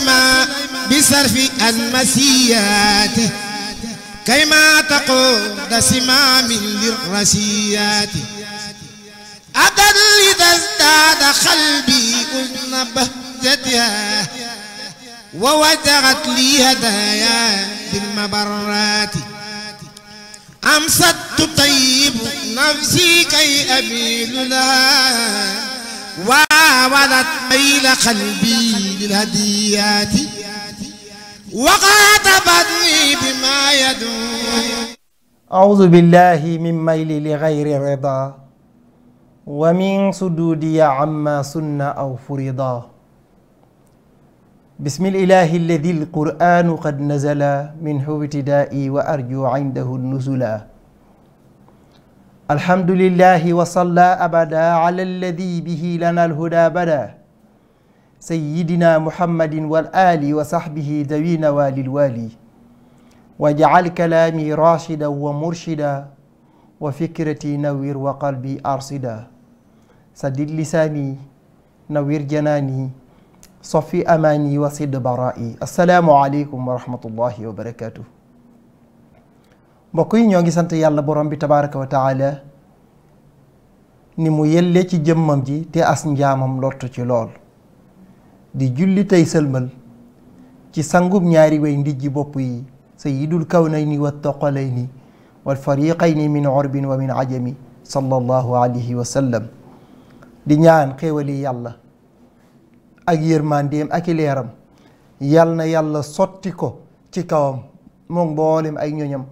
كيما بصرف المسيات كيما تقود سمام للرسيات أدل إذا ازداد قلبي أذن بهجتها ووجهت لي هدايا بالمبرات أمست تطيب نفسي كي أميل لها راودت ميل قلبي للهديات وخاطبتني بما يدوم أعوذ بالله من ميل لغير رضا ومن صدودي عما سن أو فرضا بسم الإله الذي القرآن قد نزل منه ابتدائي وأرجو عنده النزلا الحمد لله وصلى أبدا على الذي به لنا الهدى بدا سيدنا محمد والآل وصحبه ذوي نوال الوالي واجعل كلامي راشدا ومرشدا وفكرتي نوير وقلبي أرصدا سدد لساني نوير جناني صفي أماني وصد برائي السلام عليكم ورحمة الله وبركاته mbokk yi ñoo ngi sant yàlla borom bi tabaraka wa ni mu yelle ci jëmmam ji te as njaamam lott ci lool di julli tey sëlmal ci sangub ñaari way ndijji bopp yi sayidul kawnayni wa toqalayni wal fariqayni min orbin wa min ajami sallallahu alayhi wa di ñaan xéewali yàlla ak yërmandeem ak i leeram yal na yàlla sotti ko ci kawam moom mboolem ay ñoñam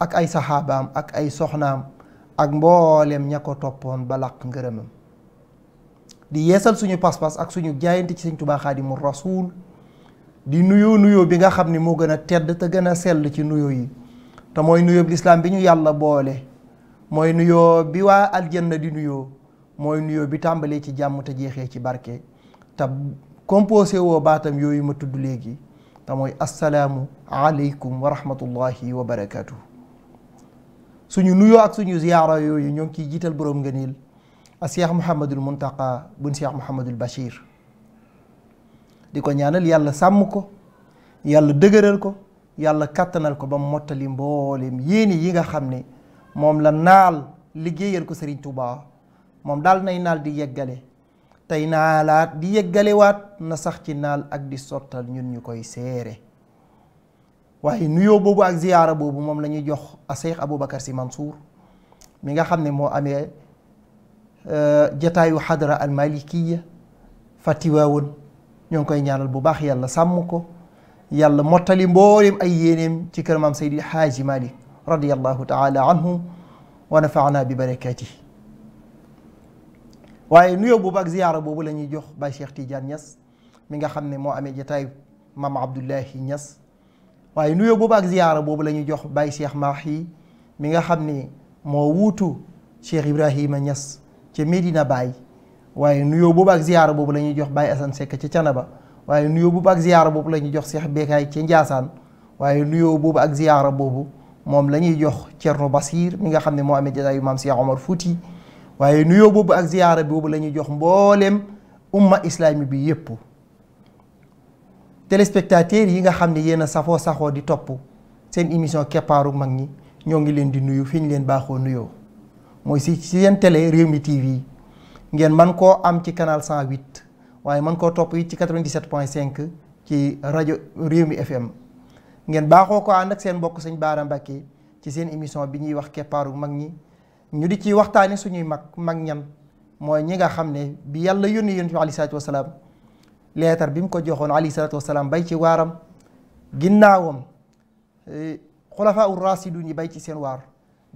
ak ay saxaabaam ak ay soxnaam ak mbooleem ña ko toppoon ba làq ngërëmam di yeesal suñu pas-pas ak suñu jaayante ci sëñ Tuubaa Xaadimu Rasuul di nuyoo nuyoo bi nga xam ni moo gën a tedd te gën a sell ci nuyoo yi te mooy nuyoo lislaam bi ñu yàlla boole mooy nuyoo bi waa aljanna di nuyoo mooy nuyoo bi tàmbalee ci jàmm te jeexee ci barke te composé woo baatam yooyu ma tudd léegi te mooy assalaamu aleykum wa rahmatullahi wa suñu nuyo ak suñu ziyaara yooyu ñoo ngi ciy jiital boroom ngëneel a cheikh mouhamadul muntaqa bun cheikh mouhamadul bachir di ko ñaanal yàlla sàmm ko yàlla dëgëral ko yàlla kattanal ko ba mottali mbooleem yéene yi nga xam ne moom la naal liggéeyal ko Serigne Touba moom daal nay naal di yeggale tey naalaat di yeggalewaat na sax ci naal ak di sottal ñun ñu koy seere waaye nuyoo boobu ak ziyaara boobu moom la ñuy jox a Cheikh Aboubacar Sy Mansour mi nga xam ne moo amee euh, jataayu xadra al malikiya fatiwaawoon ñoo ngi koy ñaanal bu baax yàlla sàmm ko yàlla mottali mboolem ay yéeneem ci kër maam Seydi Xaaji Malik radiyallahu taala anhu wa nafaana bi barakaatihi waaye nuyoo boobu ak ziyaara boobu lañuy jox Baay Cheikh Tidiane Niass mi nga xam ne moo amee jataayu maam Abdullahi Niass waaye nuyoo boobu ak ziyaara boobu la ñuy jox Baye Cheikh Mahi mi nga xam ni moo wuutu Cheikh Ibrahima ñas ca Medina Baye waaye nuyoo boobu ak ziyaara boobu la ñuy jox Baye Assane Seck ca Canaba waaye nuyoo boobu ak ziyaara boobu la ñuy jox Cheikh Bekaay ca Ndiassane waaye nuyoo boobu ak ziyaara boobu moom la ñuy jox Thierno Basir mi nga xam ne moo amee jotaayu maam Cheikh Omar Fouti waaye nuyoo boobu ak ziyaara boobu la ñuy jox mbooleem umma islami bi yëpp. téléspectateurs yi nga xam ne yéen a safoo saxoo di topp seen émission keppaaru mag ñi ñoo ngi leen di nuyu fii ñu leen baaxoo nuyoo mooy si si seen télé Rewmi TV ngeen man koo am ci canal 108 waaye man koo topp it ci 97.5 ci rajo réew mi FM ngeen baaxoo ko ànd ak seen bokk sañ Baara Mbacke ci seen émission bi ñuy wax keppaaru mag ñi ñu di ci waxtaani suñuy mag mag ñan mooy ñi nga xam ne bi yàlla yónni yonent bi alayhi salaatu wasalaam leetar bi mu ko joxoon alayhi salaatu wasalaam bay ci waaram ginnaawam e, xulafaa ur raasidun yi bay ci seen waar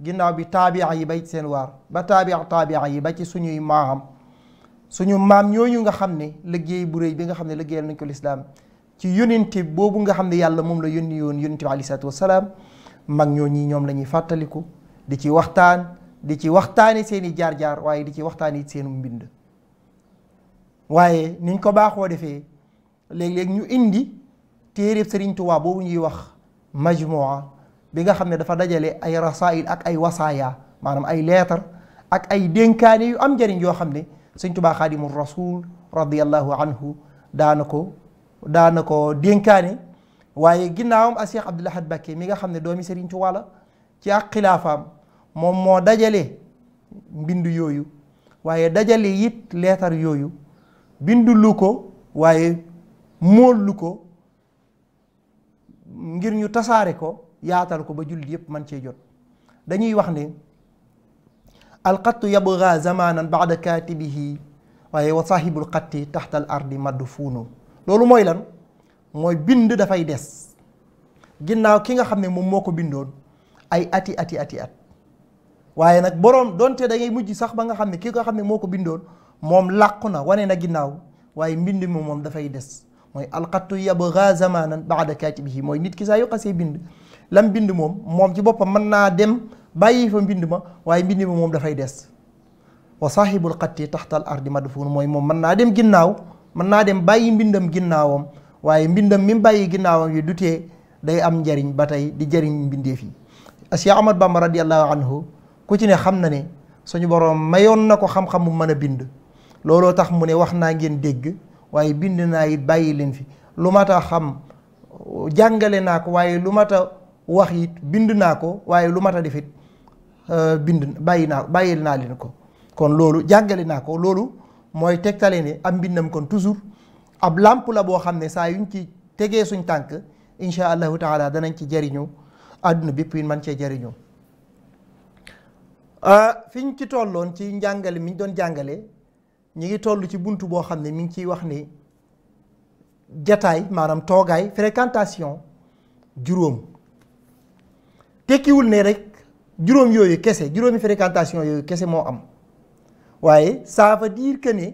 ginnaaw bi taabia yi bay ci seen waar ba taabia taabia yi bay ci suñuy maaham suñu maam ñooñu nga xam ne liggéey bu réy bi nga xam ne liggéeyal nañ ko lislaam ci yónente boobu nga xam ne yàlla moom la yónni yoon yónente bi alayhi salaatu wasalaam mag ñooñi ñoom lañuy fàttaliku di ci waxtaan di ci waxtaane seen i jaar-jaar waaye di ci waxtaane seenu mbind waaye niñ ko baaxoo defee léeg-léeg ñu indi téeréb Sëriñ Tuubaa boobu ñuy wax majmua bi nga xam ne dafa dajale ay rasail ak ay wasaaya maanaam ay leetar ak ay dénkaane yu am njëriñ yoo xam ne Sëriñ Tuubaa xaadimu rasul radiallahu anhu daana ko daana ko dénkaane waaye ginnaawam a Cheikh Abdoul Ahad Mbacké mi nga xam ne doomi Sëriñ Tuubaa la ci ak xilaafaam moom moo dajale mbind yooyu waaye dajale it leetar yooyu bindulu ko waaye moolu ko ngir ñu tasaare ko yaatal ko ba jullit yépp man cee jot dañuy wax ni ne yabu yabga zamanan baada kaatibihi waaye wa saahibul xatti taxta al ardi maddu fuunu loolu mooy lan mooy bind dafay des ginnaaw ki nga xam ne moom moo ko bindoon ay ati ati ati at waaye nag boroom donte dangay mujj sax ba nga xam ne ki nga xam ne moo ko bindoon moom làqu na wane na ginnaaw waaye mbind mi moom dafay des mooy alxattu yabga zamanan baada kaatibihi mooy nit ki saa yu xasee bind lam bind moom moom ci boppam man naa dem bàyyi fa mbind ma waaye mbind ma moom dafay des wa saahibul xatti taxta al ardi madfun mooy moom mën naa dem ginnaaw mën naa dem bàyyi mbindam ginnaawam waaye mbindam mi mu bàyyi ginnaawam yi du te day am njariñ ba tey di jariñ mbindeef yi Cheikh Ahmad Bamba radiallahu anhu ku ci ne xam na ne suñu boroom mayoon na ko xam-xam mu mën a bind looloo tax mu ne wax naa ngeen dégg waaye bind naa it bàyyi leen fi lu mat a xam jàngale naa ko waaye lu mat a wax it bind naa ko waaye lu mat a def it euh, bind bàyyi naa bàyyil naa leen ko kon loolu jàngale naa ko loolu mooy tegtale ne am mbindam kon toujours ab làmp la boo xam ne saa yuñ ci tegee suñ tànk incha allahu taala danañ ci jariñu àdduna bépp yi man cee jariñoo euh, fiñ ci tolloon ci njàngale miñ doon jàngale ñu ngi toll ci bunt boo xam ne mi ngi ciy wax ni jataay maanaam toogaay fréquentation juróom tekkiwul ne rek juróom yooyu kese juróomi fréquentation yooyu kese moo am waaye ça veut dire que ne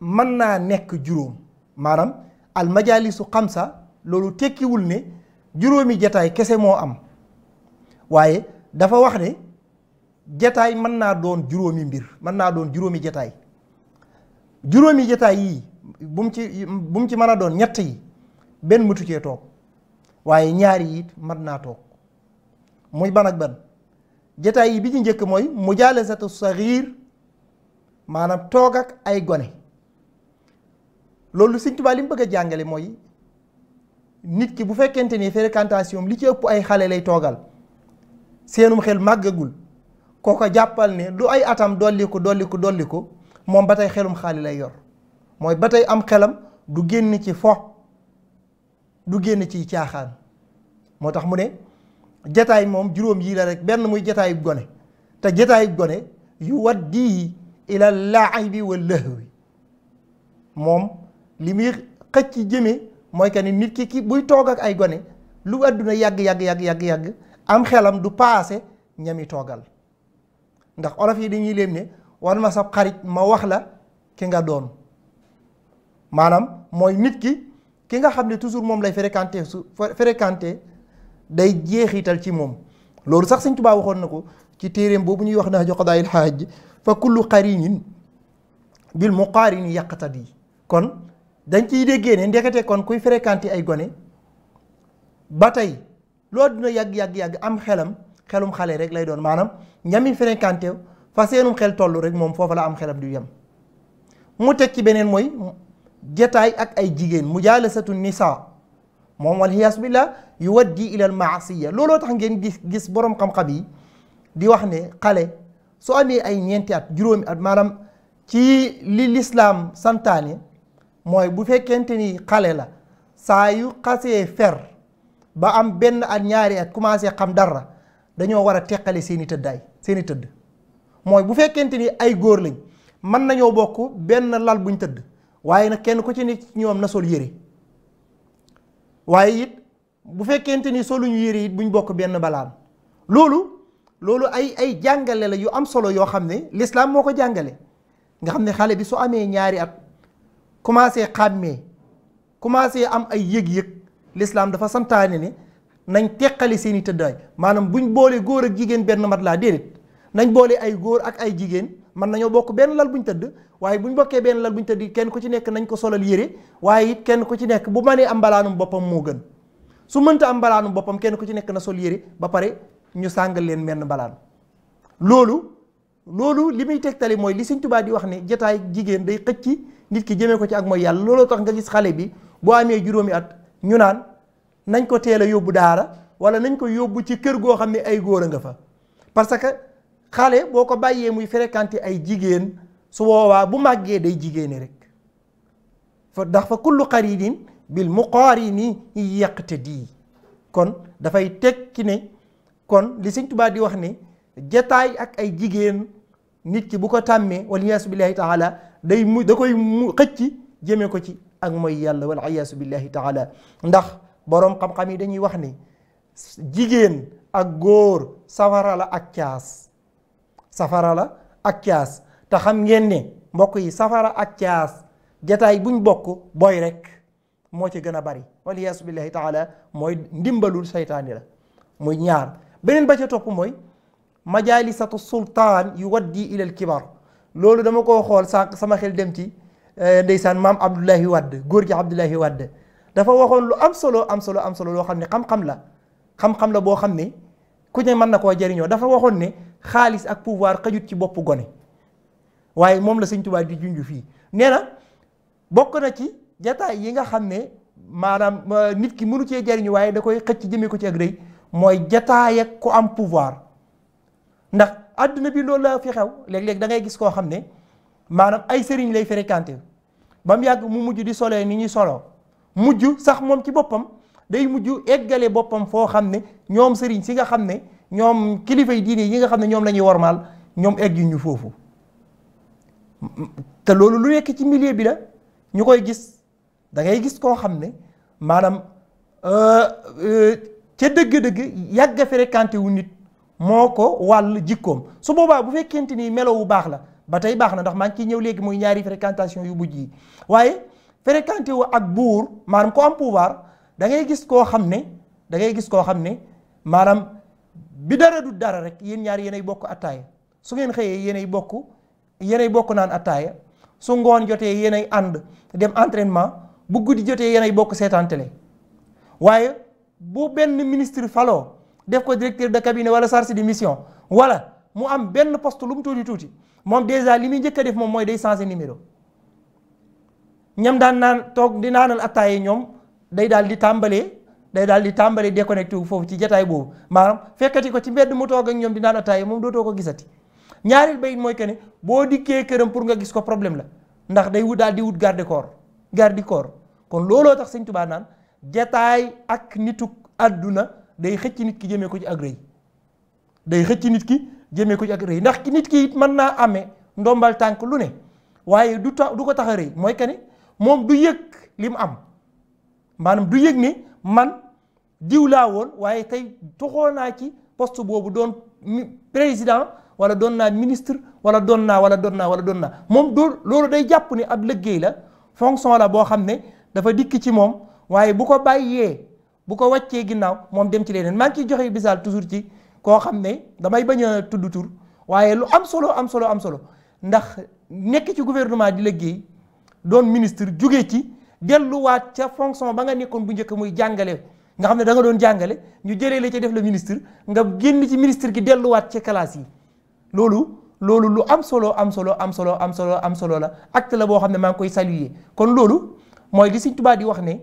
mën naa nekk juróom maanaam al xam xamsa loolu tekkiwul ne juróomi jataay kese moo am waaye dafa wax ne jataay mën naa doon juróomi mbir mën naa doon juróomi jataay juróomi jataay yii bu mu ci bu mu ci mën a doon ñett yi benn mëtu cee toog waaye ñaari yi it mën naa toog muy ban ak ban jataay yi bi ci njëkk mooy mu mujaalasatu saxiir maanaam toog ak ay gone loolu Sëñ Tuubaa li mu bëgg a jàngale mooy nit ki bu fekkente ni fréquentation li ci ëpp ay xale lay toogal seenum xel màggagul kooko jàppal ne du ay atam dolliku dolliku dolliku moom ba tey xelum xaali lay yor mooy ba tey am xelam du génn ci fo du génn ci caaxaan moo tax mu ne jataay moom juróom yii la rek benn muy jataayub gone te jataayub gone yu wat waddi ila laabi wa wi moom li muy xëcc jëme mooy que ni nit ki ki buy toog ak ay gone lu àdduna yàgg yàgg yàgg yàgg yàgg am xelam du paase ñami toogal ndax olof yi dañuy léem ne war ma sab xarit ma wax la ki nga doon maanaam mooy nit ki ki nga xam ne toujours moom lay fréquenté su fréquenté day jeexital ci moom loolu sax Sëñ Tuubaa waxoon na ko ci téeréem boobu ñuy wax na jox daayil xaaj fa kullu xarinin bil muqaarini yàqtat yi kon dañ ciy déggee ne ndekete kon kuy fréquenté ay gone ba tey loo dina yàgg yàgg yàgg am xelam xelum xale rek lay doon maanaam ñami fréquenté fa seenum xel toll rek moom foofu la am xelam du yem mu teg ci beneen mooy jataay ak ay jigéen mujaalasatu nisaa moom wal xiyaas billah yuwaddi ilal maasiya looloo tax ngeen gis gis boroom xam-xam yi di wax ne xale su amee ay ñeenti at juróomi at maanaam ci li lislaam santaani mooy bu fekkente ni xale la saa yu xasee fer ba am benn at ñaari at commencé xam dara dañoo war a teqale seeni i tëddaay seen tëdd mooy bu fekkente ni ay góor lañ mën nañoo bokk benn lal buñ tëdd waaye nag kenn ku ci nit ñoom na sol yére waaye it bu fekkente ni soluñu yére it buñ bokk benn balaan loolu loolu ay ay jàngale la yu am solo yoo xam ne lislaam moo ko jàngale nga xam ne xale bi su amee ñaari at commencé xàmmee commencé am ay yëg-yëg lislaam dafa santaane ne nañ teqali seen i tëddaay maanaam buñ boolee góor ak jigéen benn mat laa déedéet nañ boolee ay góor ak ay jigéen man nañoo bokk benn lal buñ tëdd waaye buñ bokkee benn lal buñ tëdd kenn ku ci nekk nañ ko solal yére waaye it kenn ku ci nekk bu mënee am mbalaanum boppam moo gën su mënta am boppam kenn ku ci nekk na sol yére ba pare ñu sàngal leen menn balaan loolu loolu li muy tegtali mooy li Sëñ Tuubaa di wax ne jataay jigéen day xëcc nit ki jëmee ko ci ak mooy yàlla looloo tax nga gis xale bi boo amee juróomi at ñu naan nañ ko teel a yóbbu daara wala nañ ko yóbbu ci kër goo xam ne ay góor a nga fa parce que xale boo ko bàyyee muy fréquenté ay jigéen su woowaa bu màggee day jigéene rek fa ndax fa kullu qaridin bil muqarini yaqtadi kon dafay tekki ne kon li siñ Tuubaa di wax ne jataay ak ay jigéen nit ki bu ko tàmmee wal iyaasu billahi taala day mu da koy mu xëcc jëmee ko ci ak mooy yàlla wal iyaasu billahi taala ndax boroom xam-xam yi dañuy wax ni jigéen ak góor safara la ak caas safara la ak caas te xam ngeen ne mbokk yi safara ak caas jataay buñ bokk booy rek moo ci gën a bari waliyaasu billahi taala mooy ndimbalul seytaani la muy ñaar beneen ba ca topp mooy majalisatu sultaan yu waddi ilal kibar loolu dama koo xool sànq sama xel dem ci eh, ndeysaan maam Abdullahi Wadd góor gi Abdullahi Wadd dafa waxoon lu am solo am solo am solo loo xam ne xam-xam la xam-xam la boo xam ne ku ne mën na koo jariñoo dafa waxoon ne xaalis ak pouvoir xajut ci boppu gone waaye moom la sëñ Tuubaa di junj fii nee na bokk na ci jataay yi nga xam ne maanaam nit ki mënu cee jëriñu waaye da koy xëcc jëmee ko ci ak rëy mooy jataay ak ku am pouvoir ndax àdduna bi loolu la fi xew léeg-léeg da ngay gis koo xam ne maanaam ay sëriñ lay fréquenté ba mu yàgg mu mujj di solee ni ñuy soloo mujj sax moom ci boppam day mujj eggale boppam foo xam ne ñoom sëriñ si nga xam ne ñoom kilifa kilifay diine yi nga xam ne ñoom la ñuy wormaal ñoom egg ñu foofu te loolu lu nekk ci millier bi la ñu koy gis da ngay gis koo xam ne maanaam euh, euh, ca dëgg-dëgg yàgg a wu nit moo ko wàll jikkoom su boobaa bu fekkente ni melo wu baax la ba tey baax na ndax maa ngi ciy ñëw léegi mooy ñaari fréquentation yu mujj yi waaye. fréquenté wu ak buur maanaam ko am pouvoir da ngay gis koo xam ne da ngay gis koo xam ne maanaam bi dara du dara rek yéen ñaar yéenay bokk attaaya su ngeen xëyee yéenay bokk yéenay bokk naan attaaya su ngoon jotee yéenay ànd dem entrainement bu guddi jotee yéenay bokk seetaan télé waaye bu benn ministre faloo def ko directeur de cabinet wala chargé de mission wala mu am benn poste lu mu tuuti tuuti moom déjà li muy jëkk def moom mooy day changer numéro. ñam daan naan toog di naanal yi ñoom day daal di tàmbalee day daal di tàmbalee déconnecté wu foofu ci jataay boobu maanaam fekkati ko ci mbedd mu toog ak ñoom di naan attaaye moom dootoo ko gisati ñaareel bayit mooy que ne boo dikkee këram pour nga gis ko problème la ndax day wut daal di wut garde corps kon looloo tax sëñ Tuubaa naan jataay ak nituk àdduna day xëcc nit ki jëmee ci ak rëy day xëcc nit ki jëmee ko ci ak rëy ndax nit ki it mën naa amee ndombal tànk lu ne waaye du ta du ko tax a rëy mooy que ne moom du yëg li mu am maanaam du yëg ni man diw laa woon waaye tey toxoo naa ci post boobu doon président wala doon naa ministre wala doon naa wala doon naa wala doon naa moom doo loolu day jàpp ni ab liggéey la fonction la boo xam ne dafa dikk ci moom waaye bu ko bàyyee bu ko wàccee ginnaaw moom dem ci leneen maa ngi ciy joxe misaal toujours ci koo xam ne damay bañ a tudd tur waaye lu am solo am solo am solo ndax nekk ci gouvernement di liggéey doon ministre jóge ci delluwaat ca fonction ba nga nekkoon bu njëkk muy jàngale nga xam ne da nga doon jàngale ñu jëlee la ca def la ministre nga génn ci ministre gi delluwaat ci classe yi loolu loolu lu am solo am solo am solo am solo am solo la acte la boo xam ne maa ngi koy saluer kon loolu mooy li Sëñ Tuubaa di wax ne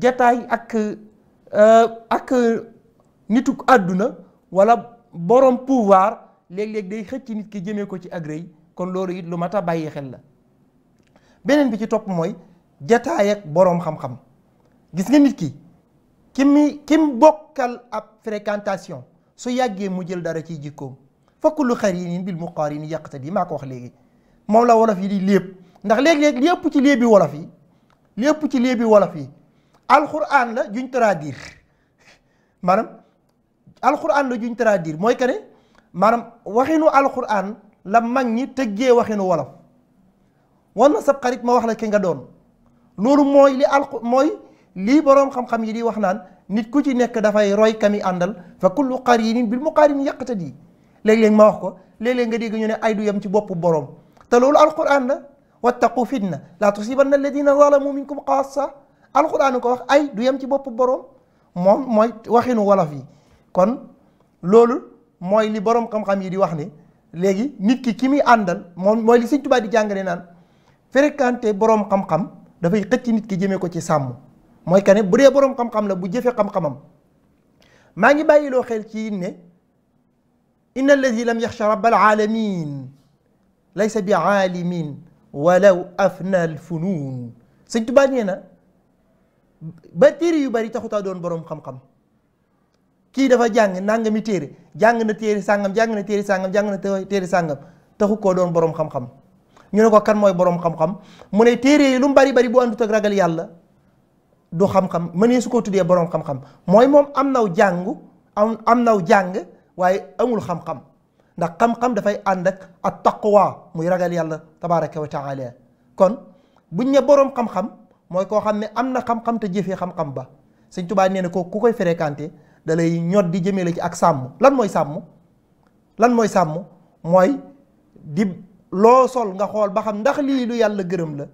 jataay ak euh, ak nitu àdduna wala borom pouvoir léeg-léeg day xëcc nit ki jëmee ko ci agré yi kon loolu it lu mat a bàyyi xel la beneen bi ci topp mooy jataay ak boroom xam-xam gis nga nit ki ki mi ki mu bokkal ab fréquentation su yàggee mu jël dara ciy jikkoom fokk lu xar yi nii bil muqaarini yaqtadi maa ko wax léegi moom la wolof yi di léeb ndax léeg-léeg li ci léebi wolof yi li ëpp ci léebi wolof yi alxuraan la juñ traduire maanaam alxuraan la juñ traduire mooy que ne maanaam waxinu alxuraan la mag ñi tëggee waxinu wolof. wan ma sab xarit ma wax la ki nga doon loolu mooy li al mooy lii boroom xam yi di wax naan nit ku ci nekk dafay roy kami àndal fa kullu qarinin bil muqarin yaqtadi léeg-léeg ma wax ko léeg nga dégg ñu ne ay du yam ci boppu boroom te loolu alquran la wattaqu fitna la tusibanna alladina zalamu minkum xaasa alquran ko wax ay du yam ci boppu boroom moom mooy waxinu wolof yi kon loolu mooy li boroom xam-xam yi di wax ni léegi nit ki ki muy àndal moom mooy li si Tuubaa di jàngale naan fréquenté boroom xam-xam dafay xëcc nit ki jëmee ko ci sàmm mooy que ne bu dee boroom xam-xam la bu jëfee xam-xamam maa ngi bàyyiloo xel ci ne inna allazi lam yaxsha rabbal alamin laysa bi aalimin walaw afna al funun sëñ Tuubaa nee na ba téere yu bari taxutaa doon boroom xam-xam kii dafa jàng nangami téere jàng na téere sàngam jàng na téere sàngam jàng na téere sàngam taxu koo doon boroom xam-xam ñu ne ko kan mooy boroom xam-xam mu ne téere yi lu mu bari bari bu àndut ak ragal yàlla du xam-xam mënee su ko tuddee boroom xam-xam mooy moom am naw jàng am am naw jàng waaye amul xam ndax xam dafay ànd ak at taqwa muy ragal yàlla tabaraka wa kon buñ ne borom xam mooy koo xam ne am na xam-xam te jëfee xam-xam ba sëñ Tuubaa nee na ko ku koy fréquenté da lay ñod di jëmee la ci ak sàmm lan mooy sàmm lan mooy sàmm mooy di. loo sol nga xool ba xam ndax lii lu yàlla gërëm la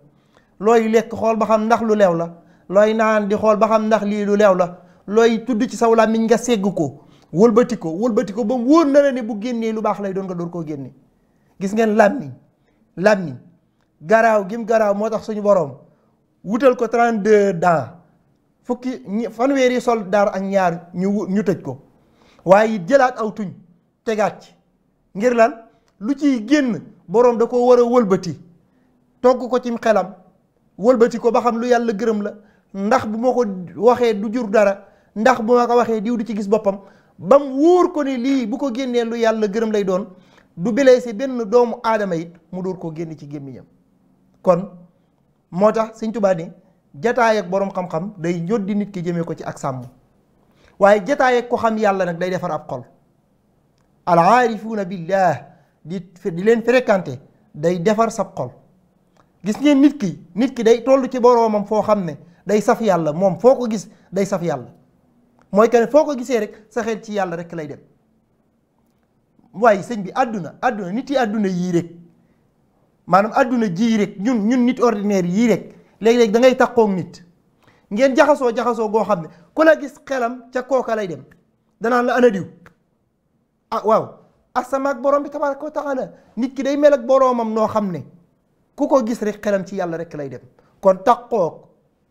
looy lekk xool ba xam ndax lu leew la looy naan di xool ba xam ndax lii lu leew la looy tudd ci saw làmmiñ nga segg ko wëlbati ko wëlbati ko ba mu wóor na la ne bu génnee lu baax lay doon nga door koo génne gis ngeen làmmiñ làmmiñ garaaw gim garaaw moo tax suñu boroom wutal ko 32 dents fukki fanweeri soldaar ak ñaar ñu ñu tëj ko waaye jëlaat aw tuñ tegaat ci ngir lan lu ciy génn boroom da ko war a wëlbati togg ko ci xelam wëlbati ko ba xam lu yàlla gërëm la ndax bu ma ko waxee du jur dara ndax bu ma ko waxee diw du ci gis boppam bam wóor ko ni lii bu ko génnee lu yàlla gërëm lay doon du blessé benn doomu aadama yit mu dóor koo génn ci gémmiñam kon moo tax Sëñ Tuubaa ni jataay ak boroom xam-xam day ñoddi nit ki jëmee ko ci ak sàmm waaye jataay ak ko xam yàlla nag day defar ab xol al aarifuuna di di leen fréquenter day defar sab xol gis ngeen nit ki nit ki day toll ci boroomam foo xam ne day saf yàlla moom foo ko gis day saf mooy que ne foo ko gisee rek sa xel ci yàlla rek lay dem waaye sëñ bi àdduna àdduna nit yi àdduna yii rek maanaam àdduna jii rek ñun ñun nit ordinaire yii rek léegi léeg da ngay takkoog nit ngeen jaxasoo jaxasoo goo xam ne ku la gis xelam ca kooka lay dem danaa la ana diw ah waaw. asama ak borom bi tabaraka wa taala nit ki day mel ak boromam noo xam ne ku ko gis rek xelam ci yàlla rek lay dem kon taqoog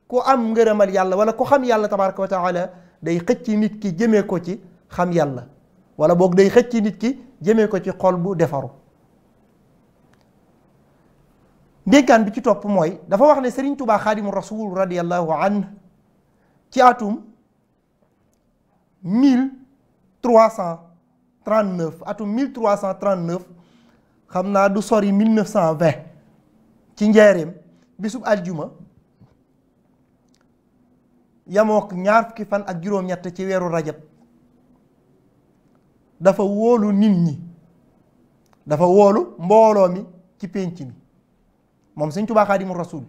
ku am ngërëmal yàlla wala ku xam yàlla tabaraka wa taala day xëcc nit ki jëmee ko ci xam yàlla wala boog day xëcci nit ki jëmee ko ci xol bu defaru ndénkaan bi ci topp mooy dafa wax ne Serigne Touba Xaadimu Rasul radiyallahu anhu ci atum mille trois 39 atum 1339 xam naa du sori 1920 ci njeereem bisu aljuma yamook ñaar fukki fan ak juróom-ñett ci weeru rajab dafa wóolu nit ñi dafa wóolu mbooloo mi ci pénc mi moom Sëñ Tuubaa Xaadimu Rasuul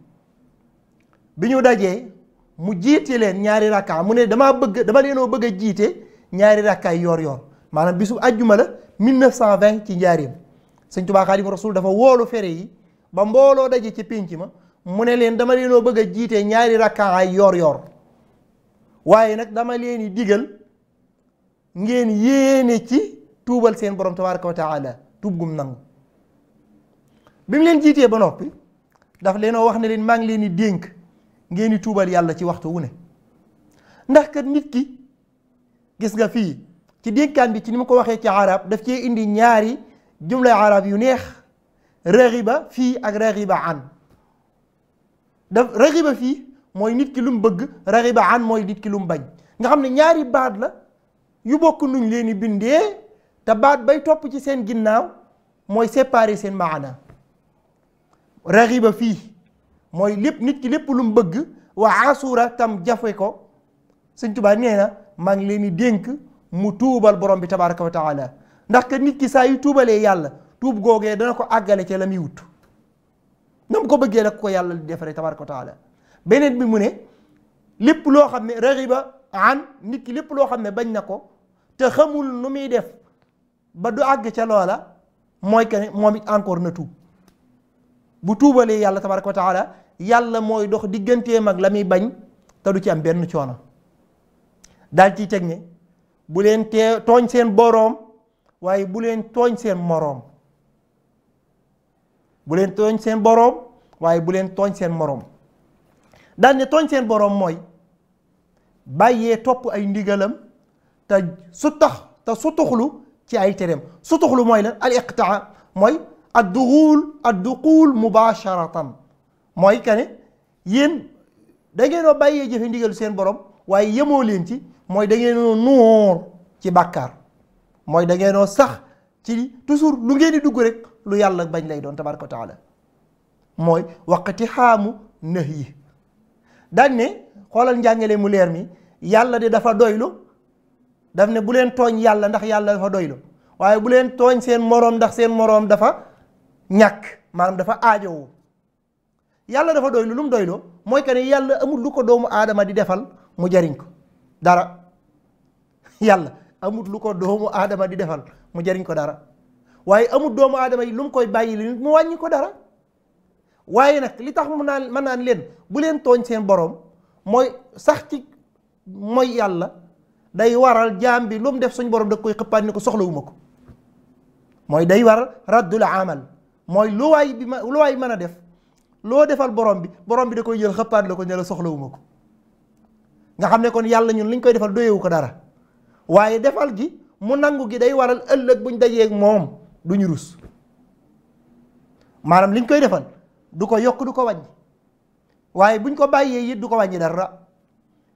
bi ñu dajee mu jiite leen ñaari rakkaa mu ne damaa bëgg dama leenoo bëgg a jiite ñaari rakkaay yoor yoor maanaam bisu ajjuma la 1920 ci njaareem sëñ Tubaa Xaadimu Rasuul dafa woolu fere yi ba mbooloo daje ci pénc ma mu ne leen dama leenoo bëgg a jiite ñaari rakkaa ay yoor yoor waaye nag dama leen di digal ngeen yéene ci tuubal seen borom tabaaraka wa taala tubbum nangu bi mu leen jiitee ba noppi daf leenoo wax ne leen maa ngi leen di dénk ngeen di tuubal yàlla ci waxtu wu ne ndax kat nit ki gis nga fii ci dénkaan bi ci ni ma ko waxee ci arab daf cee indi ñaari jumlay arab yu neex raxiba fii ak raxiba an daf raxiba fii mooy nit ki lu mu bëgg raxiba an mooy nit ki lu mu bañ nga xam ne ñaari baat la yu bokk nuñ leen di bindee te baat bay topp ci seen ginnaaw mooy séparer seen maana raxiba fii mooy lépp nit ki lépp lu mu bëgg waa asura tam jafe ko Sëñ Tuubaa nee na maa ngi leen di dénk mu tuubal borom bi tabaraka wa taala ndax que nit ki saa yu tuubalee yàlla tuub googee dana ko àggale ca la muy wut na mu ko bëggee la ko yàlla di defaree tabaraka wa taala beneen bi mu ne lépp loo xam ne raxiba an nit ki lépp loo xam ne bañ na ko te xamul nu muy def ba du àgg ca loola mooy que ne moom it encore na tuub bu tuubalee yàlla tabaraka wa taala yàlla mooy dox digganteem mag la muy bañ te du ci am benn coono daal ciy teg ne bu leen tee tooñ seen boroom waaye bu leen tooñ seen moroom bu leen tooñ seen boroom waaye bu leen tooñ seen moroom dal ne tooñ seen boroom mooy bàyyee topp ay ndigalam te su tax te sutuxlu ci ay tereem sutuxlu mooy lan al iqtaa mooy ad duxuul ad duxuul mubasharatan mooy kane yéen da bàyyee jëfe ndigalu seen boroom waaye yemoo leen ci mooy da ngeenoo nuur ci bàkkar mooy da sax ci toujours lu ngeen di dugg rek lu yàlla bañ lay doon tabaraka wa taala mooy waqati xaamu nëx yi dañ ne xoolal njàngale mu leer mi yàlla de dafa doylu daf ne bu leen tooñ yàlla ndax yàlla dafa doylu waaye bu leen tooñ seen moroom ndax seen moroom dafa ñàkk maanaam dafa aajowu yàlla dafa doylu lum mu doyloo mooy que ne yàlla amul lu ko doomu aadama di defal mu jariñ ko dara yàlla amut lu ko doomu aadama di defal mu jariñ ko dara waaye amut doomu aadama yi lu mu koy bàyyi li mu wàññi ko dara waaye nag li tax mu naan mën naan leen bu leen tooñ seen boroom mooy sax ci mooy yàlla day waral jaam bi lu mu def suñ boroom da koy xëppaat ni ko soxlawuma ko mooy day waral raddul amal mooy lu waay bi ma lu waay mën a def loo defal borom bi borom bi da koy jël xëppaat la ko ne soxlawuma ko nga xam ne kon yàlla ñun liñ koy defal doyewu ko dara waaye defal gi mu nangu gi day waral ëllëg buñ dajeek moom duñu ñu rus maanaam liñ koy defal du ko yokk du ko wàññi waaye buñ ko bàyyee it du ko wàññi dara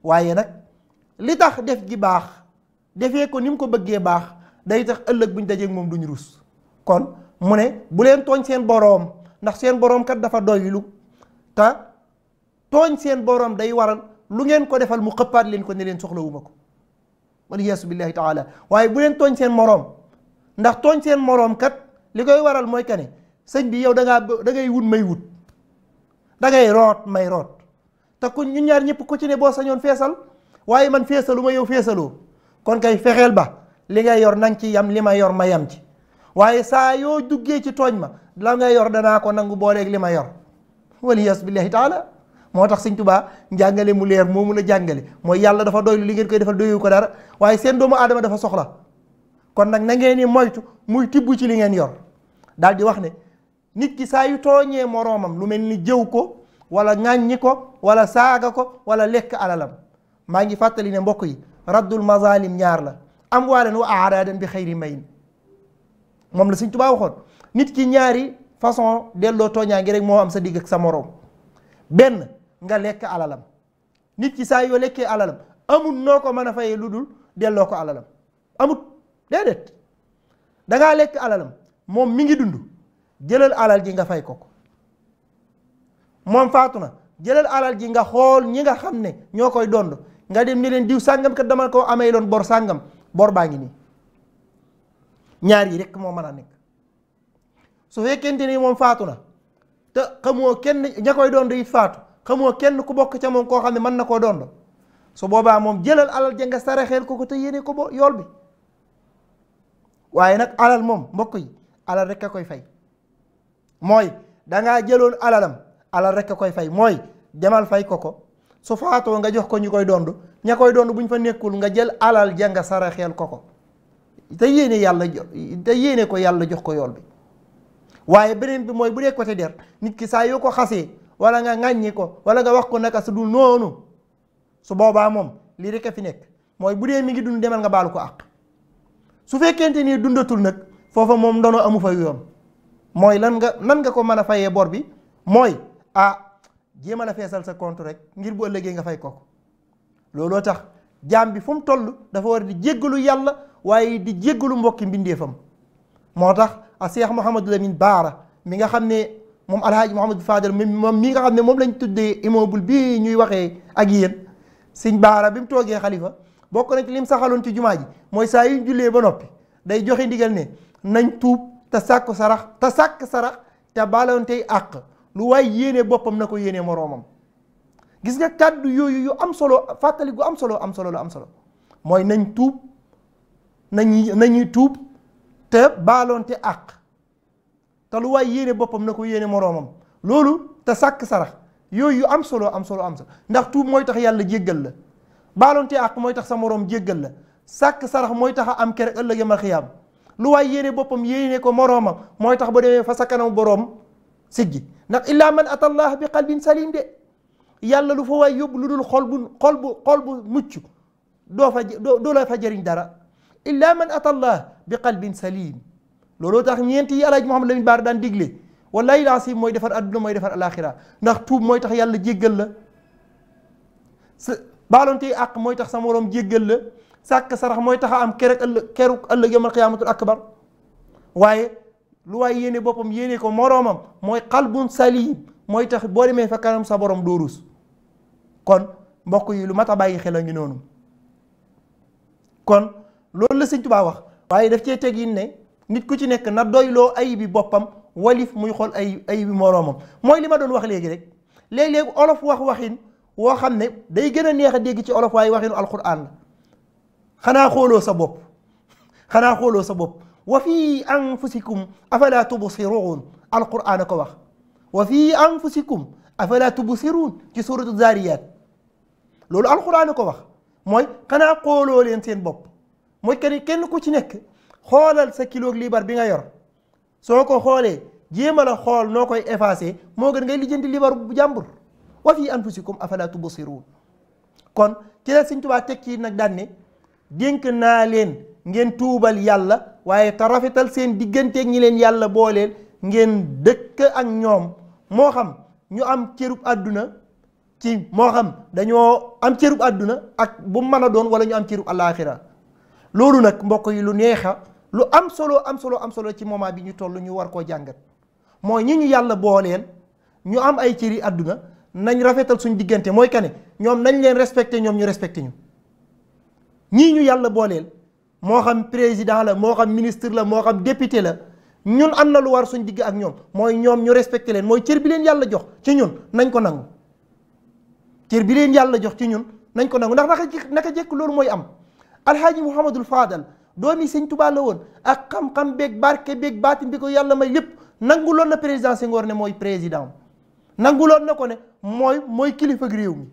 waaye nag li tax def gi baax defee ko ni mu ko bëggee baax day tax ëllëg buñ dajeek moom duñu rus kon mu ne bu leen tooñ seen boroom ndax seen boroom kat dafa doylu te tooñ seen boroom day waral lu ngeen ko defal mu xëppaat leen ko ne leen soxlawuma ko waliyaasu billahi taala waaye bu leen tooñ seen moroom ndax tooñ seen moroom kat li koy waral mooy kane sëñ bi yow da ngaa da wut may wut da ngay root may root te ku ñu ñaar ñëpp ku ci ne boo sañoon feesal waaye man feesalu ma yow feesaloo kon kay fexeel ba li ngay yor nang ci yam li ma yor ma yam ci waaye saa yoo duggee ci tooñ ma la nga yor danaa ko nangu booleek li ma yor waliyaasu billahi taala moo tax sëñ tubaa njàngale mu leer moo mun a jàngale mooy yàlla dafa doylu li ngeen koy defal doyu ko dara waaye seen aadama dafa soxla kon nag na ngeen ni moytu ci li ngeen yor daal di wax ne nit ki saa yu tooñee moroomam lu mel ni jëw ko wala ŋàññi ko wala saaga ko wala lekk alalam maa ngi fàttali ne mbokk yi raddul mazalim ñaar la am waalan wa aaraadan bi xayri mayin moom la sëñ tubaa waxoon nit ki ñaari façon delloo tooñaa ngi rek moo am sa digg ak sa moroom benn nga lekk alalam nit ki saa yoo lekkee alalam amut noo ko mën a fayee lu dul delloo ko alalam amut déedéet da ngaa lekk alalam moom mi ngi dund jëlal alal ji nga fay ko ko moom faatu na jëlal alal ji nga xool ñi nga xam ne ñoo koy dond nga dem ni leen diw sàngam kat dama koo amee loon bor sàngam bor baa ngi nii ñaar yi rek moo mën a nekk su fekkente ni moom faatu na te xamoo kenn ña koy dond it faatu xamoo kenn ku bokk ca moom koo xam ne mën na koo doon su boobaa moom jëlal alal ja saraxeel ko ko te yéene ko bo yool bi waaye nag alal moom mbokk yi alal rek a koy fay mooy dangaa jëloon alalam alal rek koy fay mooy demal fay ko ko su faatoo nga jox ko ñu koy dond ña koy dond bu fa nekkul nga jël alal ja nga saraxeel ko ko te yéene yàlla te yéene ko yàlla jox ko yool bi waaye beneen bi mooy bu dee côté der nit ki saa yoo ko xasee wala nga ŋàññi ko wala nga wax ko naka su dul noonu su boobaa moom lii rek a fi nekk mooy bu dee mi ngi dund demal nga baalu ko àq su fekkente ni dundatul nag foofa moom ndono amu fa yoon mooy lan nga nan nga ko mën a fayee bor bi mooy ah jéemal a feesal sa compte rek ngir bu ëllëgee nga fay ko looloo tax jaam bi fu mu toll dafa war di jéggalu yàlla waaye di jéggalu mbokki mbindeefam moo tax a Cheikh Mouhamadou Lamine Baara mi nga xam ne moom alhaaji Mouhamadou Fadel mi moom mii nga xam ne moom lañ tuddee immeuble bii ñuy waxee ak yéen sëñ baara bi mu toogee xalifa bokk na ci lim saxaloon ci jumaa ji mooy saa yu jullee ba noppi day joxe ndigal ne nañ tuub te sàkku sarax te sàkk sarax te baloon tey àq lu waay yéene boppam na ko yéene moroomam gis nga kàddu yooyu yu am solo fàttali gu am solo am solo la am solo mooy nañ tuub nañ nañuy tuub te baloon te àq te lu waay yéene boppam na ko yéene moroomam loolu te sàkk sarax yooyu yu am solo am solo am solo ndax tuub mooy tax yàlla jéggal la baalonte ak mooy tax sa moroom jéggal la sàkk sarax mooy tax a am kere ëllëg yama xiyaam lu waay yéene boppam yéene ko moroomam mooy tax ba demee fa sa kanam boroom siggi ndax illaa man ata allah bi qalbin salim de yàlla lu fa waay lu dul xol bu xol bu xol bu mucc doo fa doo la fa jëriñ dara illaa man ata allah bi qalbin salim looloo tax ñeenti yi alaaj Mouhamed Lamine Bara daan digle wallahi laasim mooy defar adduna mooy defar alaxira ndax tuub mooy tax yàlla jéggal la sa baalonte àq mooy tax sa moroom jéggal la sàkk sarax mooy tax a am kerek ëllë keruk ëllëg yawmal qiyaamatul yéene boppam yéene ko moroomam mooy xalbun salim mooy tax boo demee fa kanam sa borom doorus kon mbokk yi lu mat a bàyyi xel a ngi noonu kon loolu la sëñ Tuubaa wax waaye daf cee teg yi ne nit ku ci nekk na doyloo ayibi boppam walif muy xool ay ayibi moroomam mooy li ma doon wax léegi rek léeg-léeg olof wax waxin woo xam ne day gën a neex a dégg ci olof waaye waxinu alquran la xanaa xooloo sa bopp xanaa xooloo sa bopp wa fii anfusikum afala tubsiruun alquran a ko wax wa fii anfusikum afala tubsiruun ci suratu zariyat loolu alquran a ko wax mooy xanaa xooloo leen seen bopp mooy kenn kenn ku ci nekk xoolal sa kilo liibar bi nga yor soo ko xoolee jéemal a xool noo koy effacé moo gën ngay lijjanti liibar bu jàmbur wa fi anfusikum afala tubsiruun kon ci la Sëñ Tuubaa teg ci nag daan ne naa leen ngeen tuubal yàlla waaye te rafetal seen digganteeg ñi leen yàlla booleel ngeen dëkk ak ñoom moo xam ñu am cërub àdduna ci moo xam dañoo am cërub àdduna ak bu mën a doon wala ñu am cërub alaaxira loolu nag mbokk yi lu neexa lu am solo am solo am solo ci moment bi ñu toll ñu war koo jàngat mooy ñi ñu yàlla booleel ñu am ay cëri àdduna nañ rafetal suñu diggante mooy kane ñoom nañ leen respecté ñoom ñu respecté ñu ñii ñu yàlla booleel moo xam président la moo xam ministre la moo xam député la ñun am na lu war suñ digg ak ñoom mooy ñoom ñu respecté leen mooy cër bi leen yàlla jox ci ñun nañ ko nangu cër bi leen yàlla jox ci ñun nañ ko nangu ndax naka naka jekk loolu mooy am alxaaji mouhamadul faadal doomi sëñ tubaa la woon ak xam-xam beeg barke beeg baatin bi ko yàlla may lépp nanguloon na président Senghor ne mooy président nanguloon na ko ne mooy mooy kilifa réew mi